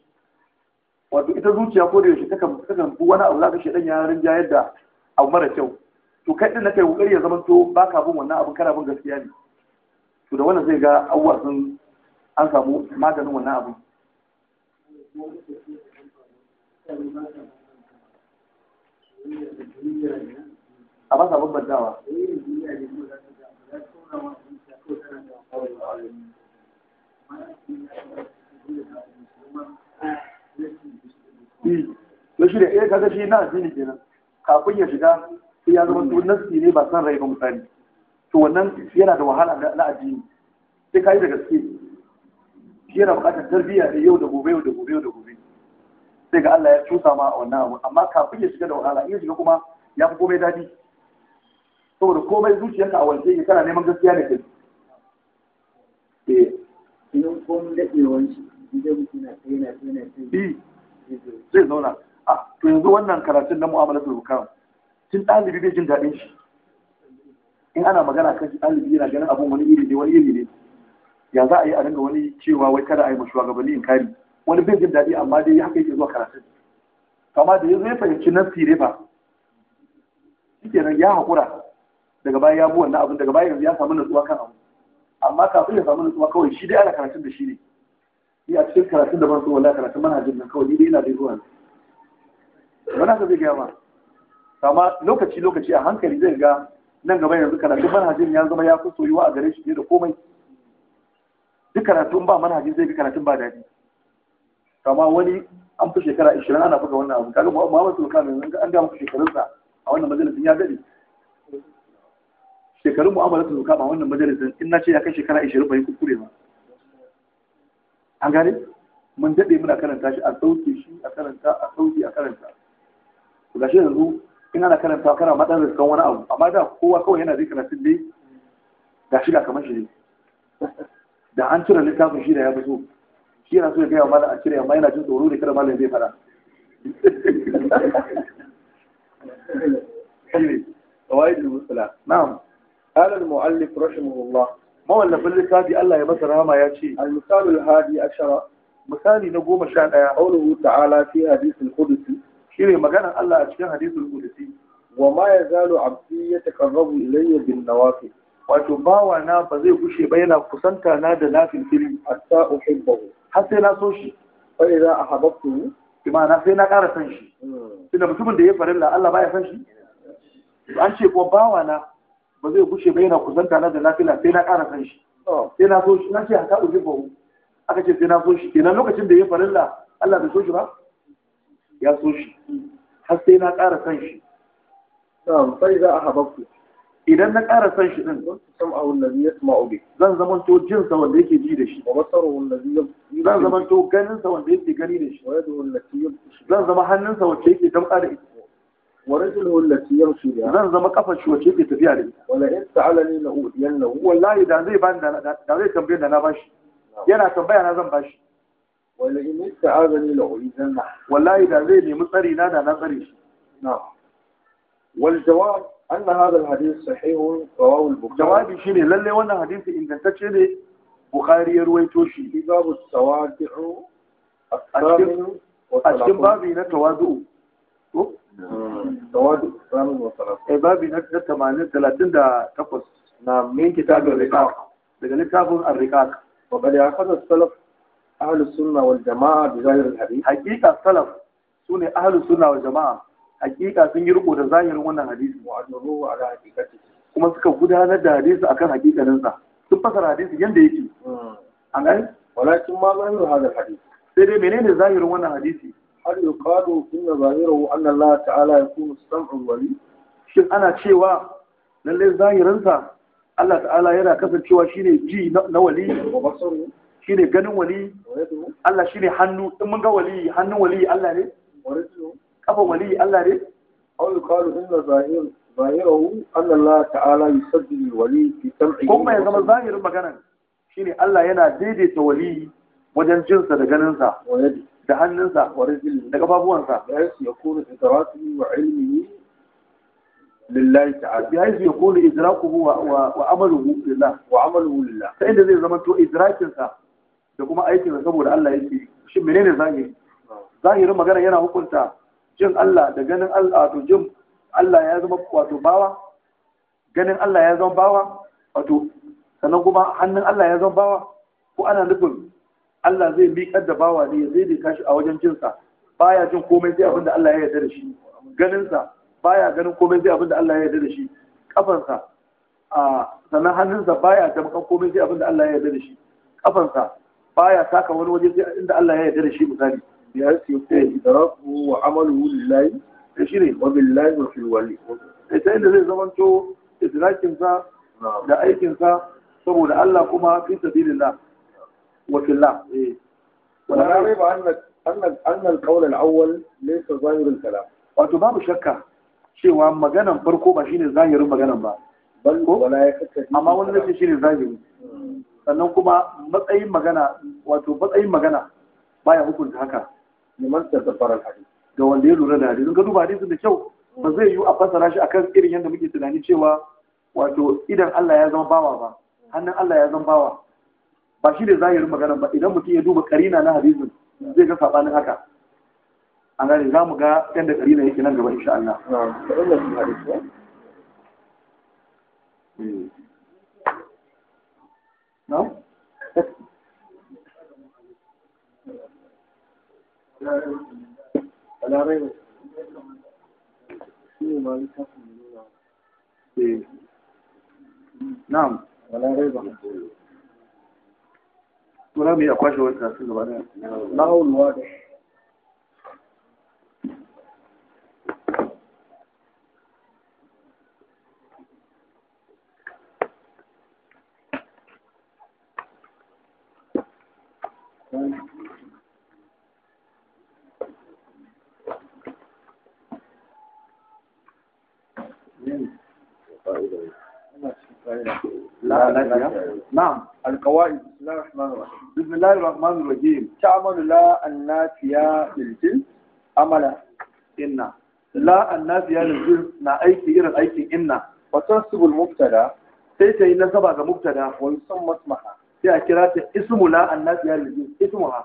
wato ita zuciya ko da yaushe takan takan bu wani abu zaka shedan ya rinja yadda abu mara kyau to kai din na kai kokari ya zama to baka bin wannan abin kana bin gaskiya ne to da wannan zai ga awwa sun an samu maganin wannan abu a ba sa bambantawa to hmm. shi da ɗaya eh, kaga shi na addini kenan kafin ya shiga sai ya zama to nasi ne ba san rai ba misali to wannan yana da wahala na addini sai ka yi da gaske shi yana buƙatar tarbiyya ne yau da gobe yau da gobe yau da gobe sai ga Allah ya cusa ma a wannan abu amma kafin ya shiga da wahala in ya shiga kuma ya fi komai daɗi saboda komai zuciyarka a wance wanke kana neman gaskiya da kai eh. idan komin daɗewan shi idan mutum na kai na kai na kai zai zauna a to yanzu wannan karatun na mu'amala mu'amalatul hukam tun ɗalibi bai jin daɗin shi in ana magana kan shi ɗalibi yana ganin abun wani iri ne wani iri ne ya za a yi a dinga wani cewa wai kada a yi mashuwa gabanni in kari wani bai jin daɗi amma dai haka yake zuwa karatun amma da ya zo ya fahimci nan fire ba shi kenan ya haƙura daga baya ya bi wannan abin daga baya yanzu ya samu natsuwa kan abu amma kafin ya samu nutsuwa kawai shi dai ana karatun da shi ne ni a cikin karatun da ban so wallahi karatun manhajin nan kawai ni dai ina dai zuwa wani ka zai gaya ma amma lokaci lokaci a hankali zai ga nan gaba yanzu karatun manhajin ya zama ya fi soyuwa a gare shi da komai duk karatun ba manhajin zai fi karatun ba daɗi amma wani an fi shekara 20 ana buga wannan abu kaga Muhammad lokacin an gama shekarunsa a wannan majalisin ya daɗe shekarun mu'amalar zuka ba wannan majalisar in na ce ya kai shekara 20 bai kukure ba an gane mun daɗe muna karanta shi a sauke shi a karanta a sauke a karanta to gashi yanzu in ana karanta kana matsan riskan wani abu amma da kowa kawai yana zai karatun dai ga shi ga kamar shi ne. da an cire littafin shi da ya fito shi yana so ya gaya malam a cire amma yana jin tsoro da kada malam zai faɗa قواعد المصطلح qala al rashin rahimahullah mawallafin littafi Allah ya masa rama ya ce الهادي misalu al-hadi شان misali na goma sha ɗaya qawluhu ta'ala fi hadith al-qudsi shine maganar Allah a cikin hadith al-qudsi wa a yazalu wato bawa na ba zai gushe ba yana kusanta na da nafil fili hatta uhibbahu har sai na so shi a idza ahabbtu imana sai na kara san shi mutumin da ya farilla Allah baya san an ce ko bawa na ba zai gushe ba yana kusanta na da lafiya sai na ƙara san shi oh. sai na so shi na ce haka uji bahu aka ce sai na so shi kenan lokacin da ya farilla Allah bai so shi ba ya so shi har sai na ƙara san shi sai za a hababku idan na ƙara san shi din sam a ya yasma'u bi zan zaman to jin sa wanda yake ji da shi wa basaru wallazi zan zaman to ganin sa wanda yake gani da shi wa yadu wallazi zan zama hannun sa wanda yake damƙa da ita wa rajuluhu allati yamshi biha zan zama kafar shi wace yake tafiya da ita wala in sa'alani la udiyannahu wallahi da zai da zai tambaye da na bashi yana tambaya na zan bashi wala in sa'alani la udiyanna wallahi da zai nemi tsari na na tsare shi na'am wal jawab anna hadha al hadith sahih rawahu al bukhari jawabi shine lalle wannan hadisi ingantacce ne bukhari ya ruwaito shi babu tawadu a cikin babi na tawadu tawadu salamun wa salam eh babi na 80 38 na min kitabul riqaq daga littafin ar-riqaq wa qad yaqad as-salaf ahlus sunna wal jamaa da zahir al-hadith haqiqa salaf sune ahlus sunna wal jamaa haqiqa sun yi riko da zahirin wannan hadisi wa adruhu ala haqiqati kuma suka gudanar da hadisi akan haqiqanin sa sun fasara hadisi yanda yake hmm. an gani walakin ma zahir hadha al-hadith sai dai menene zahirin wannan hadisi هل يقال إن ظاهره Allah الله تعالى يكون السمع الولي shin ana cewa lallai zahirinsa Allah ta'ala yana kasancewa shi ne ji na wali Shi ne ganin wali Allah shi ne hannu in mun ga wali hannun wali Allah ne kafan wali Allah ne aw yuqalu inna zahir zahirahu anna Allah ta'ala yusaddidu alwali fi sam'i kuma ya zama zahirin maganan shine Allah yana daidaita wali wajen jinsa da ganinsa da hannunsa wa rizqi da kafafuwansa ya yi yakunu idratu wa ilmihi lillahi ta'ala ya yi yakunu idrakuhu wa wa amaluhu lillah wa amaluhu lillah sai inda zai zama to idrakinsa da kuma aikinsa saboda Allah yake shi menene zahiri zahirin magana yana hukunta jin Allah da ganin Allah to jin Allah ya zama wato bawa ganin Allah ya zama bawa wato sannan kuma hannun Allah ya zama bawa ko ana nufin Allah zai miƙar da bawa ne ya daidaita kashi a wajen jinsa baya jin komai sai abin da Allah ya yarda da shi ganinsa baya ganin komai sai abin da Allah ya yarda da shi kafansa a sannan hannunsa baya damkan komai sai abin da Allah ya yarda da shi kafansa baya saka wani waje sai inda Allah ya yarda da shi misali ya yi sai idrafu wa amalu lillahi da shi ne wa billahi wa fil wali sai ta inda zai zamanto idrakinsa da aikinsa saboda Allah kuma fi sabilillah وفي اللام ولا ريب أن أن أن القول الأول ليس ظاهر الكلام wato babu shakka cewa maganan farko ba shine zahirin maganan ba amma wani nace shine zahiri sannan kuma matsayin magana wato matsayin magana baya hukunta haka Da tafarar hadisi ga wanda ya lura da hadisin ka duba hadisin da kyau ba zai yiwu a fassara shi akan irin yadda muke tunani cewa wato idan Allah ya zama bawa ba hannun Allah ya zama bawa ba shi da zahirin magana ba idan mutum ya duba karina na hadisin zai ga sabanin haka an gane za mu ga yadda karina yake nan gaba insha Allah No? Hmm. Eh. ba. Tura mu yi a kwashe wani karatun gaba daya. Na'ul Thank you. نعم القواعد بسم الله الرحمن الرحيم بسم الله الرحمن الرحيم تعمل لا النافية للجنس عملا إن لا النافية للجنس نا أيكي إيرا أيكي إن وتنصب المبتدا سيتي نسبة مبتدا ويسمى اسمها في أكرات اسم لا النافية للجنس اسمها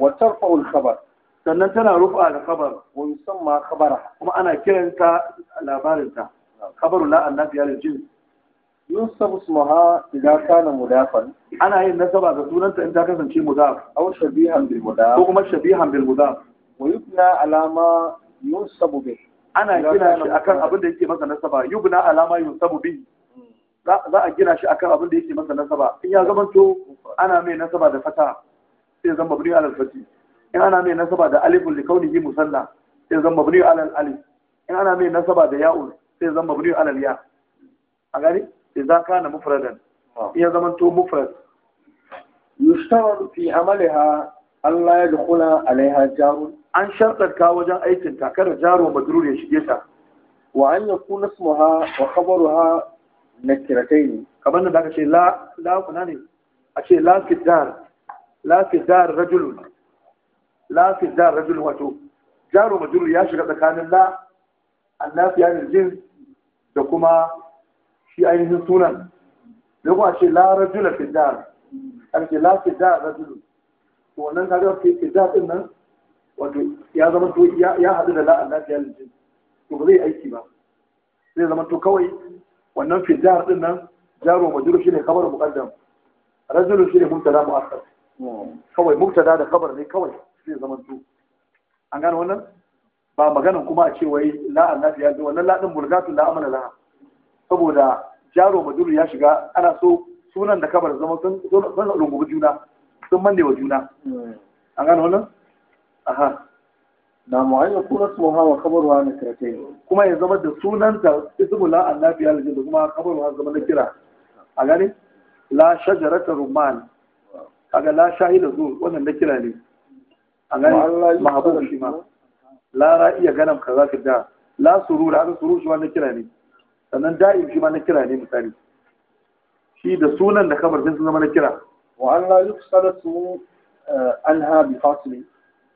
وترفع الخبر sannan tana rufa da khabar wa musamman khabara kuma ana kiranta labarinta khabaru la annabi ya jin yusuf ismuha idan kana mudafan ana yin nasaba ga sunanta in ta kasance mudaf aw shabihan bil mudaf ko kuma shabihan bil mudaf wa yubna alama yusabu bi ana gina shi akan abin da yake masa nasaba yubna alama yusabu bi za a gina shi akan abin da yake masa nasaba in ya zama to ana mai nasaba da fata sai zan mabni alal alfati in ana mai nasaba da alif li kaunihi musalla sai zan mabni alal alif in ana mai nasaba da ya'un sai zan mabni alal ya a gani idza kana mufradan ya zama to mufrad yushtaradu fi amaliha Allah ya dukula alaiha jarun an shartarka wajen aikin ta kada jaro majrur ya shige ta wa an yakuna ismuha wa khabaruha nakiratayn kamar da aka ce la la kuna ne a ce la fi dar la fi dar rajulun la fi dar rajulun wato jaro majrur ya shiga tsakanin la annafiya jins da kuma shi ainihin sunan da kuma ce la rajula fi dar an ce la fi dar rajulu to wannan kaga fi fi dar din nan wato ya zama to ya haɗu da la'an lafiya lijin to ba zai aiki ba zai zama to kawai wannan fi dar din nan jaro majuru shine kabar muqaddam rajulu shine mubtada mu'akkar kawai muktada da kabar ne kawai zai zama to an gane wannan ba maganan kuma a ce wai la'an lafiya wannan la'in burgatun la'amala la'a saboda jaro maduro ya shiga ana so sunan da kabar zama sun sun rungubi juna sun manne wa juna an gano wannan aha na mu'ayya kuna suha wa kabaruwa na kiratai kuma ya zama da sunan ta ismu la annabi al da kuma kabaruwa zama na kira a gani la shajarata rumman kaga la shahida zu wannan na kira ne a gani mahabuba shi ma la ra'iya ganam kaza da la surura an surushi wannan kira ne sannan da'im shi ma na kira ne misali shi da sunan da kamar sun zama na kira wa an la yufsala su eh, anha bi fasli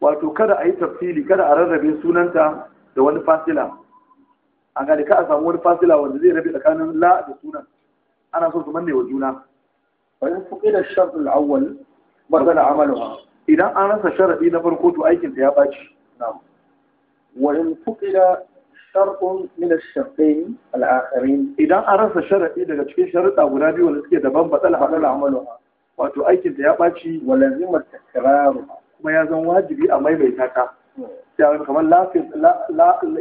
wato kada a yi tafsili kada a rarrabe sunanta da wani fasila a gani ka a samu wani fasila wanda zai rabe tsakanin la da sunan ana so su manne wa juna wa in fuqila ash-shart al-awwal badala amaluha idan an rasa sharadi na farko to aikin ta ya baci na'am wa in fuqila shar'un min ash-shartayn al-akharin idan an rasa sharadi daga cikin sharuɗa guda biyu wanda suke daban batsal halal amaluha wato aikin ta ya ɓaci wa lazimar takraru kuma ya zan wajibi a maimaita ka. Hmm. ya kamar lafin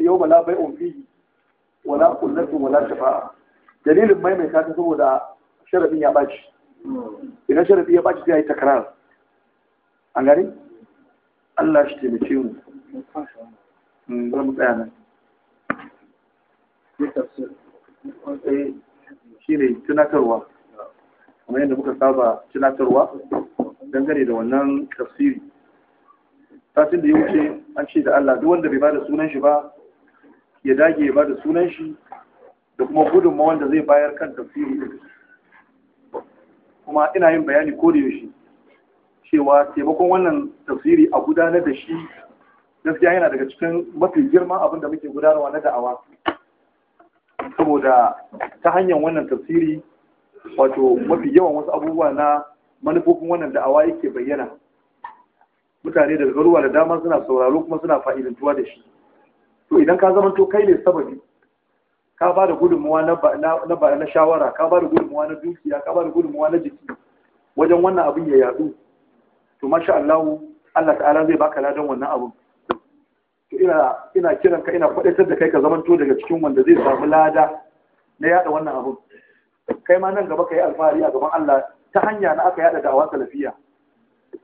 yau ba labai on fihi wala kullatu wala shafa'a dalilin maimaita ta saboda sharadin ya ɓaci hmm. idan sharadi ya ɓaci zai ya yi takrar an gani Allah shi taimake mu. Hmm, bari mu tsaya nan. Eh, shi ne tunatarwa kamar yadda muka saba tunatarwa dangane da wannan tafsiri satin da ya wuce an ce da Allah duk wanda bai bada sunan shi ba ya dage ya bada sunan shi da kuma gudunma wanda zai bayar kan tafsiri kuma ina yin bayani ko da yaushe cewa taimakon wannan tafsiri a gudanar da shi gaskiya yana daga cikin mafi girma abin da muke gudanarwa na da'awa saboda ta hanyar wannan tafsiri wato mafi yawan wasu abubuwa na manufofin wannan da'awa yake bayyana mutane da garuwa da dama suna sauraro kuma suna fa'idantuwa da shi to idan ka zama to kai ne sababi ka ba da gudunmuwa na shawara ka ba da gudunmuwa na dukiya ka ba da gudunmuwa na jiki wajen wannan abin ya yadu to masha Allah Allah ta'ala zai baka ladan wannan abin ina ina kiran ka ina kwadaitar da kai ka zamanto daga cikin wanda zai samu lada na yada wannan abun kai ma nan gaba ka yi alfahari a gaban Allah ta hanya na aka yada da'awa salafiya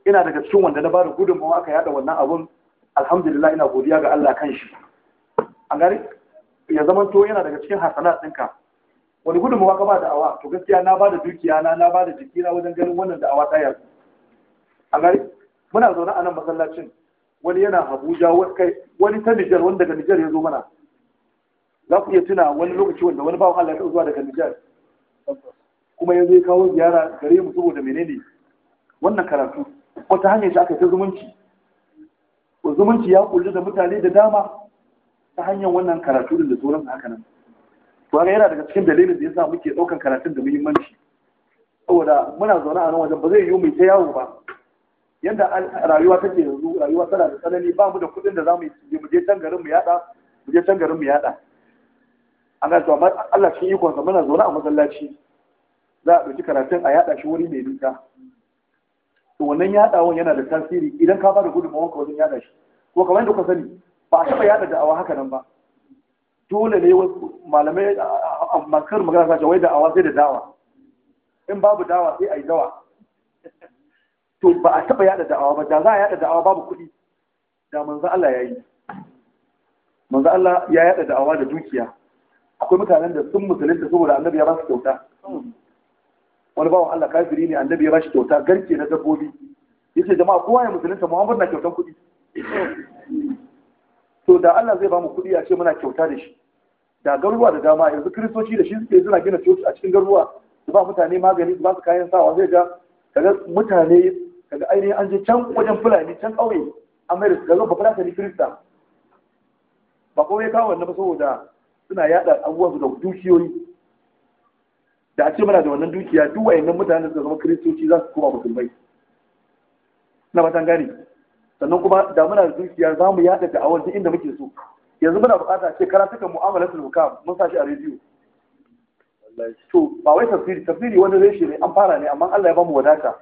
ina daga cikin wanda na bada gudunmawa aka yada wannan abun alhamdulillah ina godiya ga Allah kan shi an gari ya zamanto yana daga cikin hasanat ɗinka wani gudunmawa ka ba da'awa to gaskiya na bada dukiya na na bada jikina wajen ganin wannan da'awa ta yanzu an gari muna zaune a nan masallacin wani yana abuja wani ta nijar wani daga nijar ya zo mana za ku iya tuna wani lokaci wanda wani bawan allah ya zuwa daga nijar kuma ya zo kawo ziyara gare mu saboda menene wannan karatu wata hanyar shi aka ta zumunci zumunci ya kulli da mutane da dama ta hanyar wannan karatu da sauransu haka nan to haka yana daga cikin dalilin da yasa muke ɗaukan karatun da muhimmanci saboda muna zaune a nan wajen ba zai yiwu mai ta yawo ba yanda rayuwa take yanzu rayuwa tana da tsanani ba mu da kuɗin da za mu mu je can garin mu yada mu je can garin mu yada ana to amma Allah cikin ikon sa muna zaune a masallaci za a ɗauki karatun a yada shi wuri mai nisa to wannan yadawan yana da tasiri idan ka bada gudunmawar ka wajen yada shi ko kamar yadda kuka sani ba a taɓa yada da'awa haka nan ba dole ne malamai a masu magana sa wai da'awa sai da dawa in babu dawa sai a yi dawa to ba a taɓa yada da'awa ba da za a yada da'awa babu kuɗi da manzo Allah ya yi manzo Allah ya yada da'awa da dukiya akwai mutanen da sun musulunta saboda annabi ya ba su kyauta wani bawan Allah kafiri ne annabi ya ba shi kyauta garke na dabbobi yace jama'a kowa ya musulunta Muhammad na kyautan kuɗi to da Allah zai ba mu kuɗi a ce muna kyauta da shi da garuruwa da dama yanzu kiristoci da shi suke suna gina coci a cikin garuruwa su ba mutane magani su ba su kayan sawa zai ga kaga mutane Daga ainihin an je can wajen fulani can ƙauye a mai da su bakwai ta kirista ba kawai kawo wannan ba saboda suna yada abubuwan su da dukiyoyi da a ce mana da wannan dukiya duk wayannan mutanen da zama kiristoci za su koma musulmai na batan gane sannan kuma da muna da dukiya za mu yada da awon inda muke so yanzu muna bukata ce karatukan su hukam mun sa a rediyo to ba wai tafsiri tafsiri wani reshe ne an fara ne amma Allah ya bamu wadata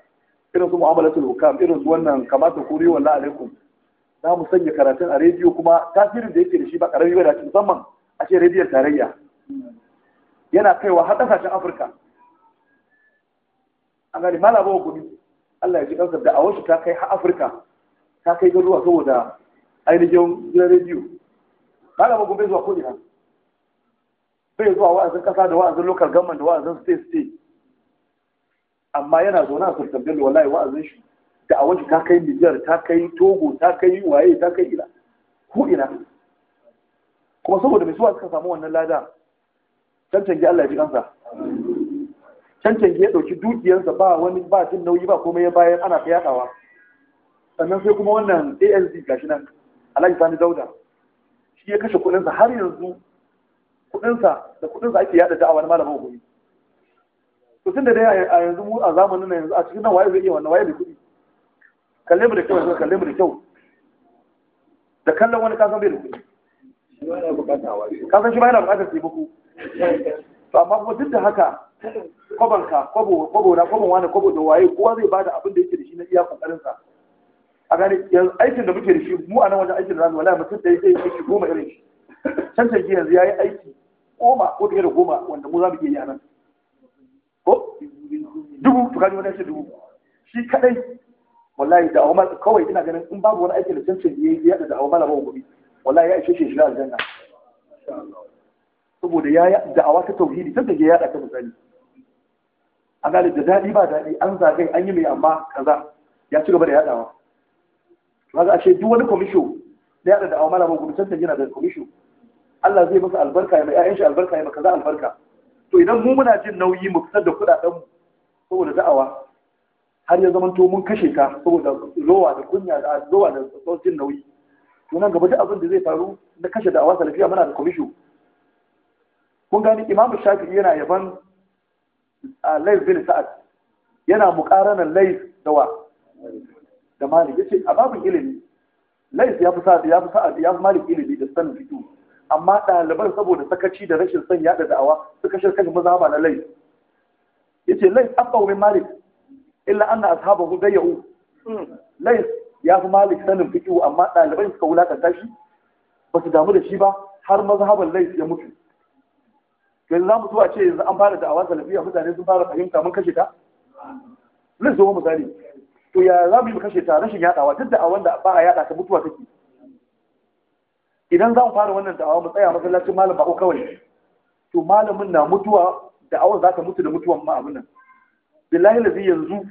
irin su mu'amalatul hukam irin su wannan kamata kuri wallahi alaikum za mu sanya karatun a rediyo kuma tasirin da yake da shi ba karami ba da musamman a ce rediyon tarayya yana kaiwa har kasashen afirka a gani malaba gumi allah ya ji kansa da awashi ta kai har afirka ta kai garuwa saboda ainihin gidan rediyo malaba gumi zuwa ko ina bai zuwa wa'azin kasa da wa'azin local government da wa'azin state state amma yana zaune a sultan bello wallahi wa'azin shi da a waje ta kai nijar ta kai togo ta kai waye ta kai ina ko ina kuma saboda mai suwa suka samu wannan lada canje allah ya ji kansa canje ya ɗauki dukiyarsa ba wani ba jin nauyi ba komai ya bayan ana ta yadawa sannan sai kuma wannan anc gashi nan alhaji sani dauda shi ya kashe kuɗinsa har yanzu kuɗinsa da kuɗinsa ake yaɗa na malamin hukumi to da dai a yanzu mu a zamanin na yanzu a cikin nan waye zai iya wannan waye mai kuɗi kalle mu da kyau yanzu kalle mu da kyau da kallon wani kasan bai da kuɗi kasan shi ba yana buƙatar taimako to amma kuma duk da haka kwabon ka kwabo kwabo na kwabon wani kwabo da waye kowa zai bada abin da yake da shi na iya kokarin sa a gane yanzu aikin da muke da shi mu a nan wajen aikin da zamu wallahi mutum da yake aiki goma irin shi can can yanzu yayi aiki goma ko da goma wanda mu za mu iya yi a nan ko dubu tukani kaji wani ce dubu shi kadai wallahi da awmal kawai ina ganin in babu wani aikin da cancin yayi ya da awmal ba gobe wallahi ya ishe shi shiga aljanna saboda ya yi da'awa ta tauhidi ta ya yada ta misali a galib da daɗi ba daɗi an zagaye an yi mai amma kaza ya ci gaba da yaɗawa kaga ashe duk wani komisho na yaɗa da awamala ba gudu tantan yana da komisho Allah zai masa albarka ya mai ƴaƴan shi albarka ya maka za albarka to idan mu muna jin nauyi mu fitar da kudaden mu saboda da'awa har ya zama to mun kashe ka saboda zowa, da kunya da zowa da jin nauyi to nan gaba duk abin da zai faru na kashe da'awa salafiya muna da komisho kun gani imamu shafi'i yana yaban a lais bin sa'ad yana muƙaranar lais da wa da malik yace a babin ilimi lais ya fi sa'ad ya fi sa'ad ya fi malik ilimi da sanin fitu amma ɗaliban saboda sakaci da rashin son yaɗa da'awa suka shirka da mazaba na lai ce lai abba min malik illa an na anna zai dayyau lai ya fi malik sanin fiqhu amma ɗaliban suka wulaƙanta shi ba su damu da shi ba har mazhaban lai ya mutu yanzu za mu zuwa ce yanzu an fara da'awa salafiya mutane sun fara fahimta mun kashe ta lai zo misali to ya za mu yi mu kashe ta rashin yaɗawa duk da'awan da ba a yaɗa ta mutuwa take idan za mu fara wannan da'awa mu tsaya masallacin malam ko kawai to malamin na mutuwa da'awar za ta mutu da mutuwan ma abin nan billahi lazi yanzu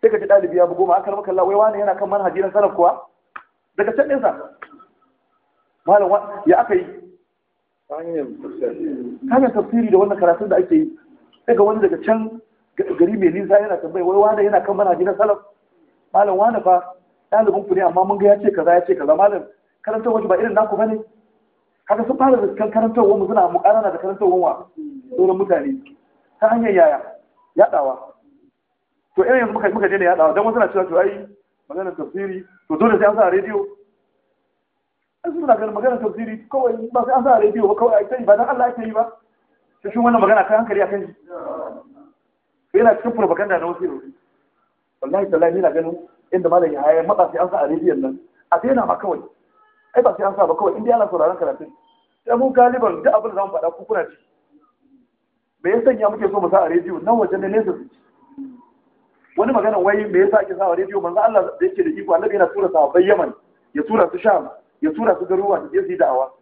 sai ka ji dalibi ya bugo ma aka rama kallon waiwa yana kan manhaji na sanar kuwa daga can ɗinsa malam ya aka yi hanyar tafsiri da wannan karatun da ake yi sai ga wani daga can gari mai nisa yana tambayi wai wani yana kan manhaji na salaf malam wani fa ɗalibin ku ne amma mun ga ya ce kaza ya ce kaza malam karantarwar ba irin naku bane kaga sun fara zaskar karantarwar mu suna mukarana da karantarwar wa sauran mutane ta hanyar yaya yadawa to irin yanzu muka daina yadawa dan wasu na cewa to ai maganar tafsiri to dole sai an sa rediyo an suna ganin maganar tafsiri kawai ba sai an sa rediyo ba kawai ai ba dan Allah ake yi ba sai shi wannan magana kai hankali akan shi yana cikin propaganda na wasu yanzu wallahi tallahi ni na ganin inda malam ya haya matsa sai an sa a rediyon nan a daina ma kawai ai ba sai an sa ba kawai indiya na sauraron karatun sai mun galiban duk abin da zamu faɗa ku kuna ci me ya sanya muke so mu sa a rediyo nan waje ne nesa su wani magana wai me yasa ake sa a rediyo manzo Allah da yake da iko annabi yana tura a Yaman ya tura su Sham ya tura su Garuwa da je su da'awa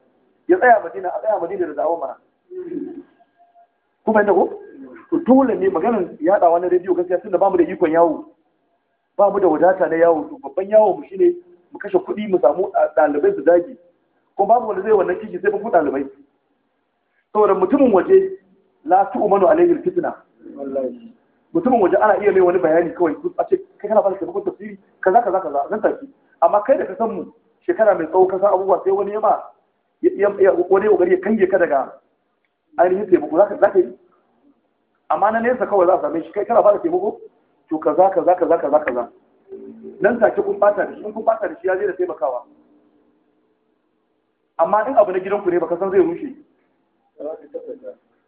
ya tsaya Madina a tsaya Madina da da'awa mana kuma inda go, to dole ne maganar yaɗawa na rediyo gaskiya tunda bamu da ikon yawo ba mu da wadata na yawo to babban yawo mu shine mu kashe kuɗi mu samu ah, ɗalibai su dage ko babu wanda zai wannan kishi sai ku ɗalibai saboda mutumin waje la tu'manu alayhi fitna mutumin waje ana iya mai wani bayani kawai a ce kai kana ba ka taimakon tafsiri kaza kaza kaza zan tafi, amma kai da ka san mu shekara mai tsawo ka san abubuwa sai wani ya ma wani ya kokari ya kange ka daga ainihin taimako za ka yi amma na nesa kawai za a same shi kai kana ba da taimako to kaza kaza kaza kaza kaza nan take kun bata da shi in kun bata da shi ya je da taimakawa amma in abu na gidanku ne baka san zai rushe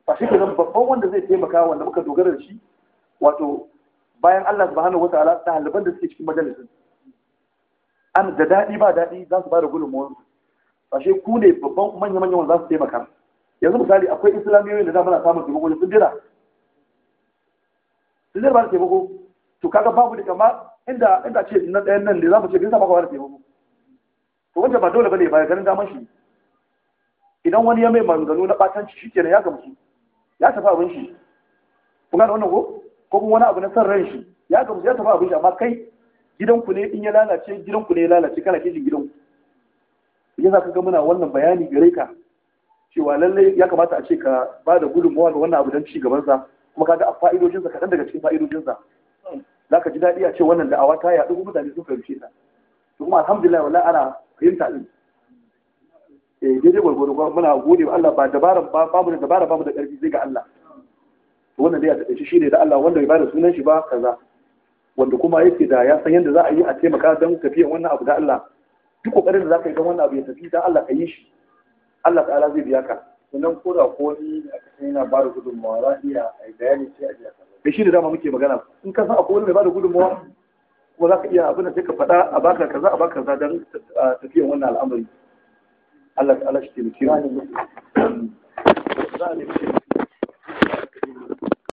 ba shi ke nan babban wanda zai taimaka wanda muka dogara da shi wato bayan Allah subhanahu wataala ta haliban da suke cikin majalisin an da daɗi ba daɗi za su ba da gudunmuwar ba shi ku ne babban manya-manyan wanda za su taimaka yanzu misali akwai islamiyoyin da za muna samun taimako wajen sun jira sun jira ba da taimako to kaga babu da kama inda inda ce na ɗayan nan ne za mu ce bisa baka ka wani taimako to wanda ba dole bane ba ya ganin daman shi idan wani ya mai maganganu na ɓatanci shi kenan ya gamsu ya tafi abin shi kun gane wannan ko ko kuma wani abu na san ran shi ya gamsu ya tafi abin shi amma kai gidan ku ne in ya lalace gidan ku ne ya lalace kana kishin ku yasa ka ga muna wannan bayani gare ka cewa lallai ya kamata a ce ka ba da gudunmawa ga wannan abu don ci gabansa kuma kaga a fa'idojinsa kaɗan daga cikin fa'idojinsa za ka ji daɗi a ce wannan da'awa ta yaɗu kuma mutane sun fahimce ta to kuma alhamdulillah wallahi ana fahimta din eh daidai gwargwaro muna gode wa Allah ba dabara ba mu da dabara ba mu da ƙarfi sai ga Allah to wannan dai a taƙaice shi ne da Allah wanda bai bada sunan shi ba kaza wanda kuma yake da ya san yadda za a yi a taimaka don tafiyan wannan abu da Allah duk ƙoƙarin da za ka yi don wannan abu ya tafi da Allah ka yi shi Allah ta'ala zai biya ka sannan ko da ko ni a aka yana ba da gudunmawa za a iya a bayani sai a jiya da shi da dama muke magana in ka san akwai wani mai bada gudunmawa kuma za ka iya abin da sai ka faɗa a baka kaza a baka kaza don tafiyan wannan al'amari Allah Allah shi ke mu za a nemi